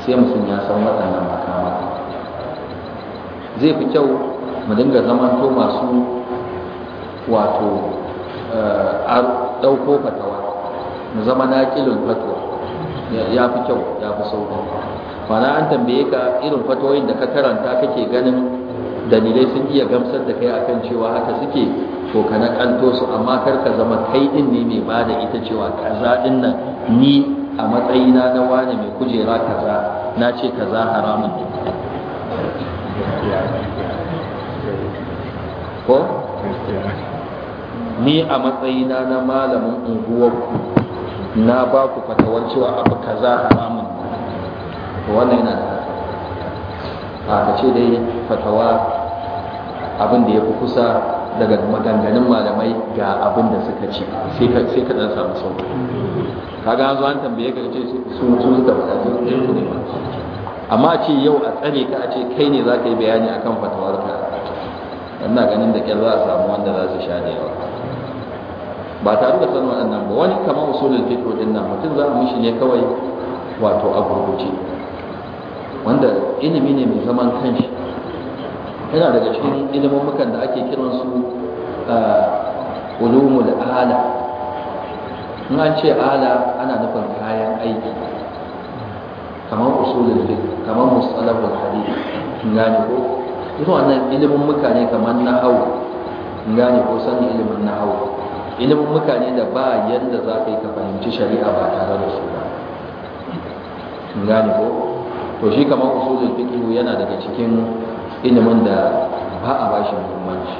sai mutum ya san waɗannan makama. zai fi kyau mu dinga zamanto masu wato eh, a ɗauko fatawa mu zama na ƙilin fatawa ya fi kyau ya fi sauƙi mana an tambaye ka irin fatoyin da ka karanta kake ganin dalilai sun iya gamsar da kai akan cewa haka suke to ka nakalto su amma kar ka zama kai din ne mai ba da ita cewa kaza din nan ni a matsayina na wani mai kujera kaza na ce kaza haramun ne ko ni a matsayina na malamin unguwarku na ba ku fatawar cewa abu kaza haramun to wannan yana da a ka ce dai fatawa abin da ya fi kusa daga maganganun malamai ga abin da suka ce sai ka dan samu sauki kaga an zo an tambaye ka ce su su suka faɗa su ne amma a ce yau a tsare ka a ce kai ne za ka yi bayani akan fatawar ka ina ganin da kyar za a samu wanda za su sha da yawa ba tare da sanin waɗannan ba wani kamar usulul fito din nan mutum za a mishi ne kawai wato a gurguje wanda ilimi ne mai zaman kanshi yana daga cikin ilimin da ake kiransu ulumul ala in an ce ala ana nufin kayan aiki kamar usulul fiqh kamar mustalahul hadith gane ko ita wannan ilimin mutane kamar hau gane ko sanin ilimin na hau ilimin mutane da ba yadda za ka yi ka fahimci shari'a ba tare da su ba gane ko to shi kamar usulul fiqh yana daga cikin ilimin da ba a bashi muhimmanci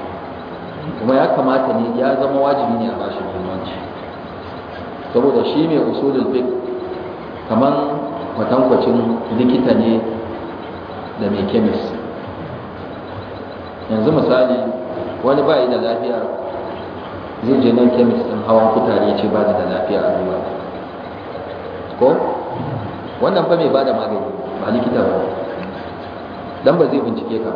kuma ya kamata ne ya zama wajibi ne a bashi muhimmanci saboda shi mai usulul fiqh kamar kwatankwacin likita ne da mai kemis yanzu misali wani bayi da lafiya zai je nan kemis ɗin hawan kutare ce ba da lafiya a ruwa ko wannan fa mai ba da magani ba likita ba dan ba zai bincike ka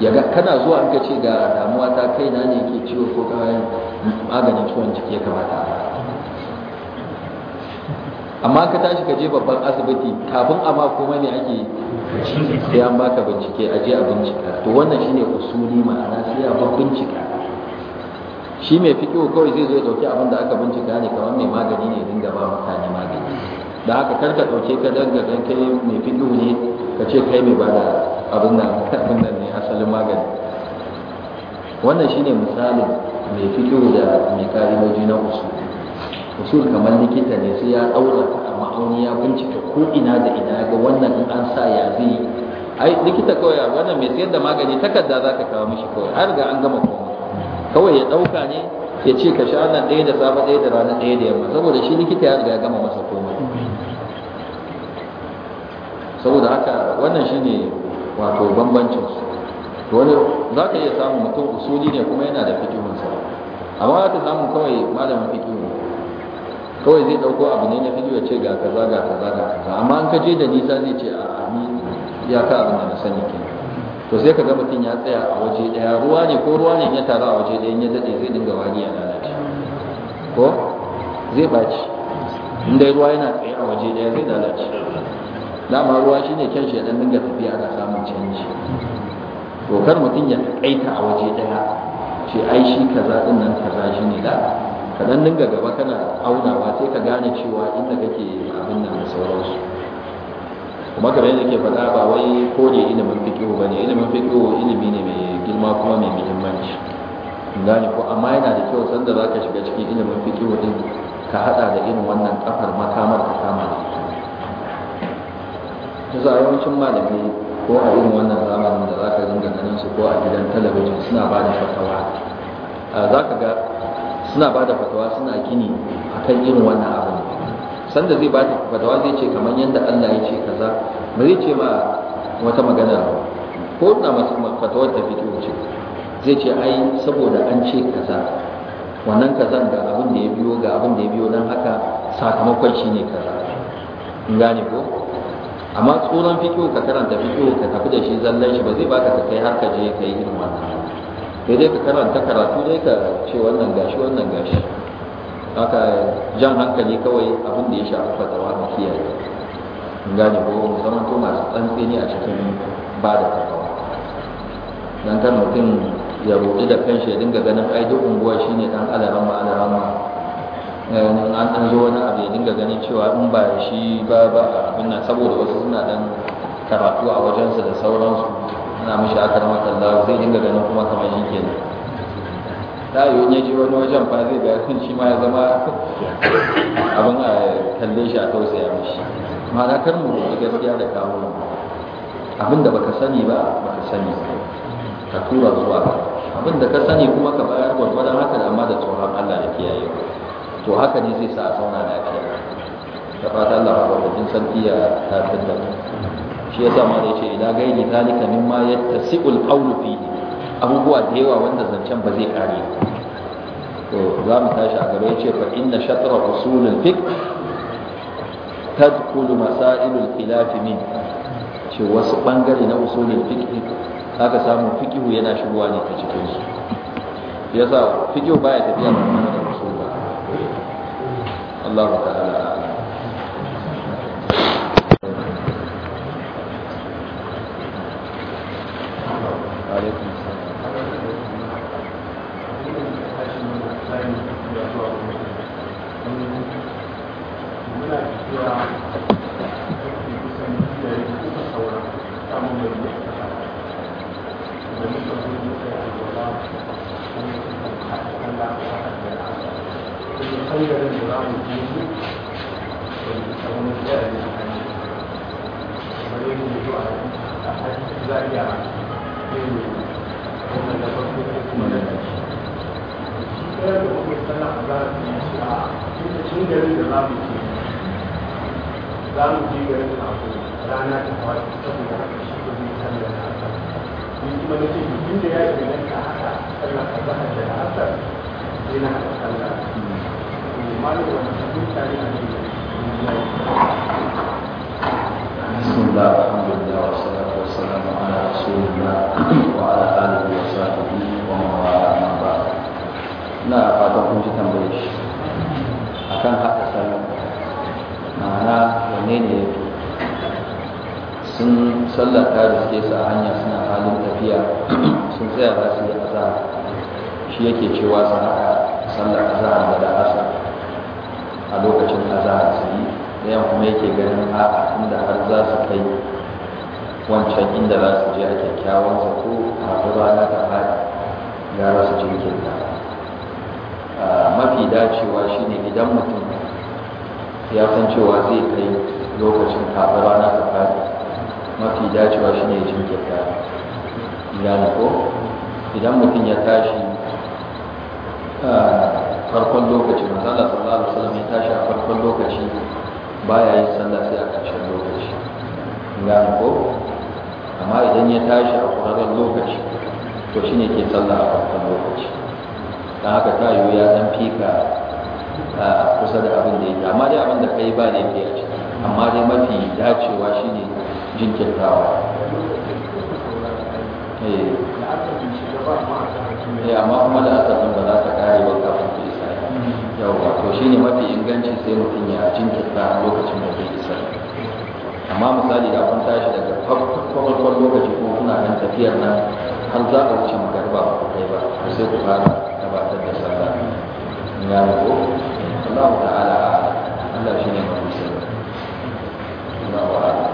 ya ga kana zuwa an ka ce ga damuwa ta kai na ne ke ciwo ko kayan maganin ciwon jiki ya kamata amma ka tashi ka je babban asibiti kafin a ba komai ne ake sai an baka bincike a je a bincika to wannan shine usuli ma'ana sai a ba bincika shi mai fiƙo kawai zai zo ya dauki abin da aka bincika ne kamar mai magani ne dinga ba mutane magani da haka karka ɗauke ka dangane kai mai fiƙihu ne ka ce kai mai ba da abin nan ne asalin magani wannan shine misalin mai fito da mai ƙa'idoji na usul usul kamar likita ne sai ya ɗaura a ma'auni ya bincika ko ina da ina ga wannan in an sa ya zai ai likita kawai wannan mai sayar da magani takarda za ka kawo mishi kawai har ga an gama komai kawai ya ɗauka ne ya ce ka sha nan ɗaya da safe ɗaya da rana ɗaya da yamma saboda shi likita ya riga ya gama masa komai saboda haka wannan shine wato bambancin su wani za ka iya samun mutum usuli ne kuma yana da fikihunsa amma za ka samu kawai malamin fikihu kawai zai dauko abu ne na fikihu ya ce ga kaza ga kaza ga kaza amma an ka je da nisa zai ce a ni ya ka abin da na sani ke to sai ka ga mutum ya tsaya a waje daya ruwa ne ko ruwa ne ya taru a waje daya ya dade zai dinga wani ya lalace ko zai baci in dai ruwa yana tsaye a waje daya zai lalace dama ruwa shine kyan shi dan dinga tafiya ana samun canji to mutum ya kaita a waje daya ce ai shi kaza din nan kaza shi ne da ka dan dinga gaba kana aunawa sai ka gane cewa inda kake abin nan da sauransu kuma kamar yadda ke faɗa ba wai ko kore ilimin ba bane ilimin fiqh ilimi ne mai girma kuma mai muhimmanci gane ko amma yana da kyau sanda za ka shiga cikin ilimin fiqh din ka haɗa da irin wannan kafar makamar ka kama da ta za yawancin malamai ko a irin wannan zamanin da za ka dinga ganin su ko a gidan talabijin suna ba da fatawa za ka ga suna ba da fatawa suna gini a kan irin wannan abin sanda zai ba da fatawa zai ce kamar yadda allah ya ce kaza ba zai ce ma wata magana ba ko na masu fatawar ta fito ce zai ce ai saboda an ce kaza wannan kazan ga abin da ya biyo ga abin da ya biyo don haka sakamakon shi ne kaza gane ko amma tsoron fikihu ka karanta fikihu ka tafi da shi zallan shi ba zai baka ka kai har ka je kai irin wannan sai dai ka karanta karatu dai ka ce wannan gashi wannan gashi haka jan hankali kawai abin da ya shafi fatawa mu kiyaye gane ko musamman to masu tsantseni a cikin ba da fatawa dan kan mutum ya rubuta da kanshi ya dinga ganin ai duk unguwa shine dan alarama alarama Eh, an yi zo wani abu ya dinga ganin cewa in ba shi ba ba abin nan saboda wasu suna dan karatu a wajensu da sauransu ana mishi aka da kallahu zai dinga ganin kuma kamar shi kenan da yi ne ji wani wajen ba zai ga kun shi ma ya zama *coughs* abin a kalle shi a tausaya mishi na kar mu ga gaskiya da kawo abin da baka sani ba baka sani ka tura zuwa abin da ka sani kuma ka bayar gwargwadon haka amma da tsoron Allah da kiyaye to haka ne zai sa a zauna lafiya da fata Allah jin sarki ya tafi da shi ya sama da ce ila gairi zalika ya tasiqul qawlu fi abubuwa da yawa wanda zancen ba zai kare to za mu tashi a gaba yace fa inna shatra usulul fiqh tadkhulu masailul khilaf min ce wasu bangare na usulul fiqh haka samu fiqhu yana shigowa ne ta cikin shi yasa fiqhu baya tafiya da Allah ta'ala yana magana da shi a cikin garin da za mu ke za mu je garin da ku rana ta hawa saboda haka shi ko zai a da haka ni kuma na ce bikin da ya yi nan ka haka sallar ka zaka da haka zai na haka sallar ne malu wani sabon tare a cikin بسم الله الحمد ne ne yake sun sallar da suke sa hanya suna halin tafiya sun tsaya za su yi azahar shi yake cewa su haɗa sallar a da asa a lokacin a su yi yan kuma yake ganin a'a inda har za su kai wancan inda za su je a kyakkyawan zato kafin rana ta ya gara su jinkirta ah, mafi dacewa shine idan mutum ya san cewa zai kai lokacin kafin rana ta mafi dacewa shi ne jinkirta gane ko idan mutum ya tashi farkon lokaci matsala sallallahu alaihi wasallam ya tashi a farkon lokaci ya yi sallah sai a ƙarshen lokaci gane ko amma idan ya tashi a ƙwararren lokaci to shi ne ke sallah a farkon lokaci don haka tayo ya zan fika kusa da abin da ya amma dai abin da ka yi ba ne fiye a ciki amma dai mafi dacewa shine jinkirtawa eh, eh amma kuma da aka san ba za ta kare ba kafin ta isa yawa to shine mafi inganci sai mutum ya jinkirta lokacin da zai isa amma misali da kun tashi daga farkon lokaci ko kuna nan tafiyar nan har za a wuce magarba ba ku kai ba sai ku fara gabatar da sallah ya ko Allah ta'ala Allah ne mafi الله وآله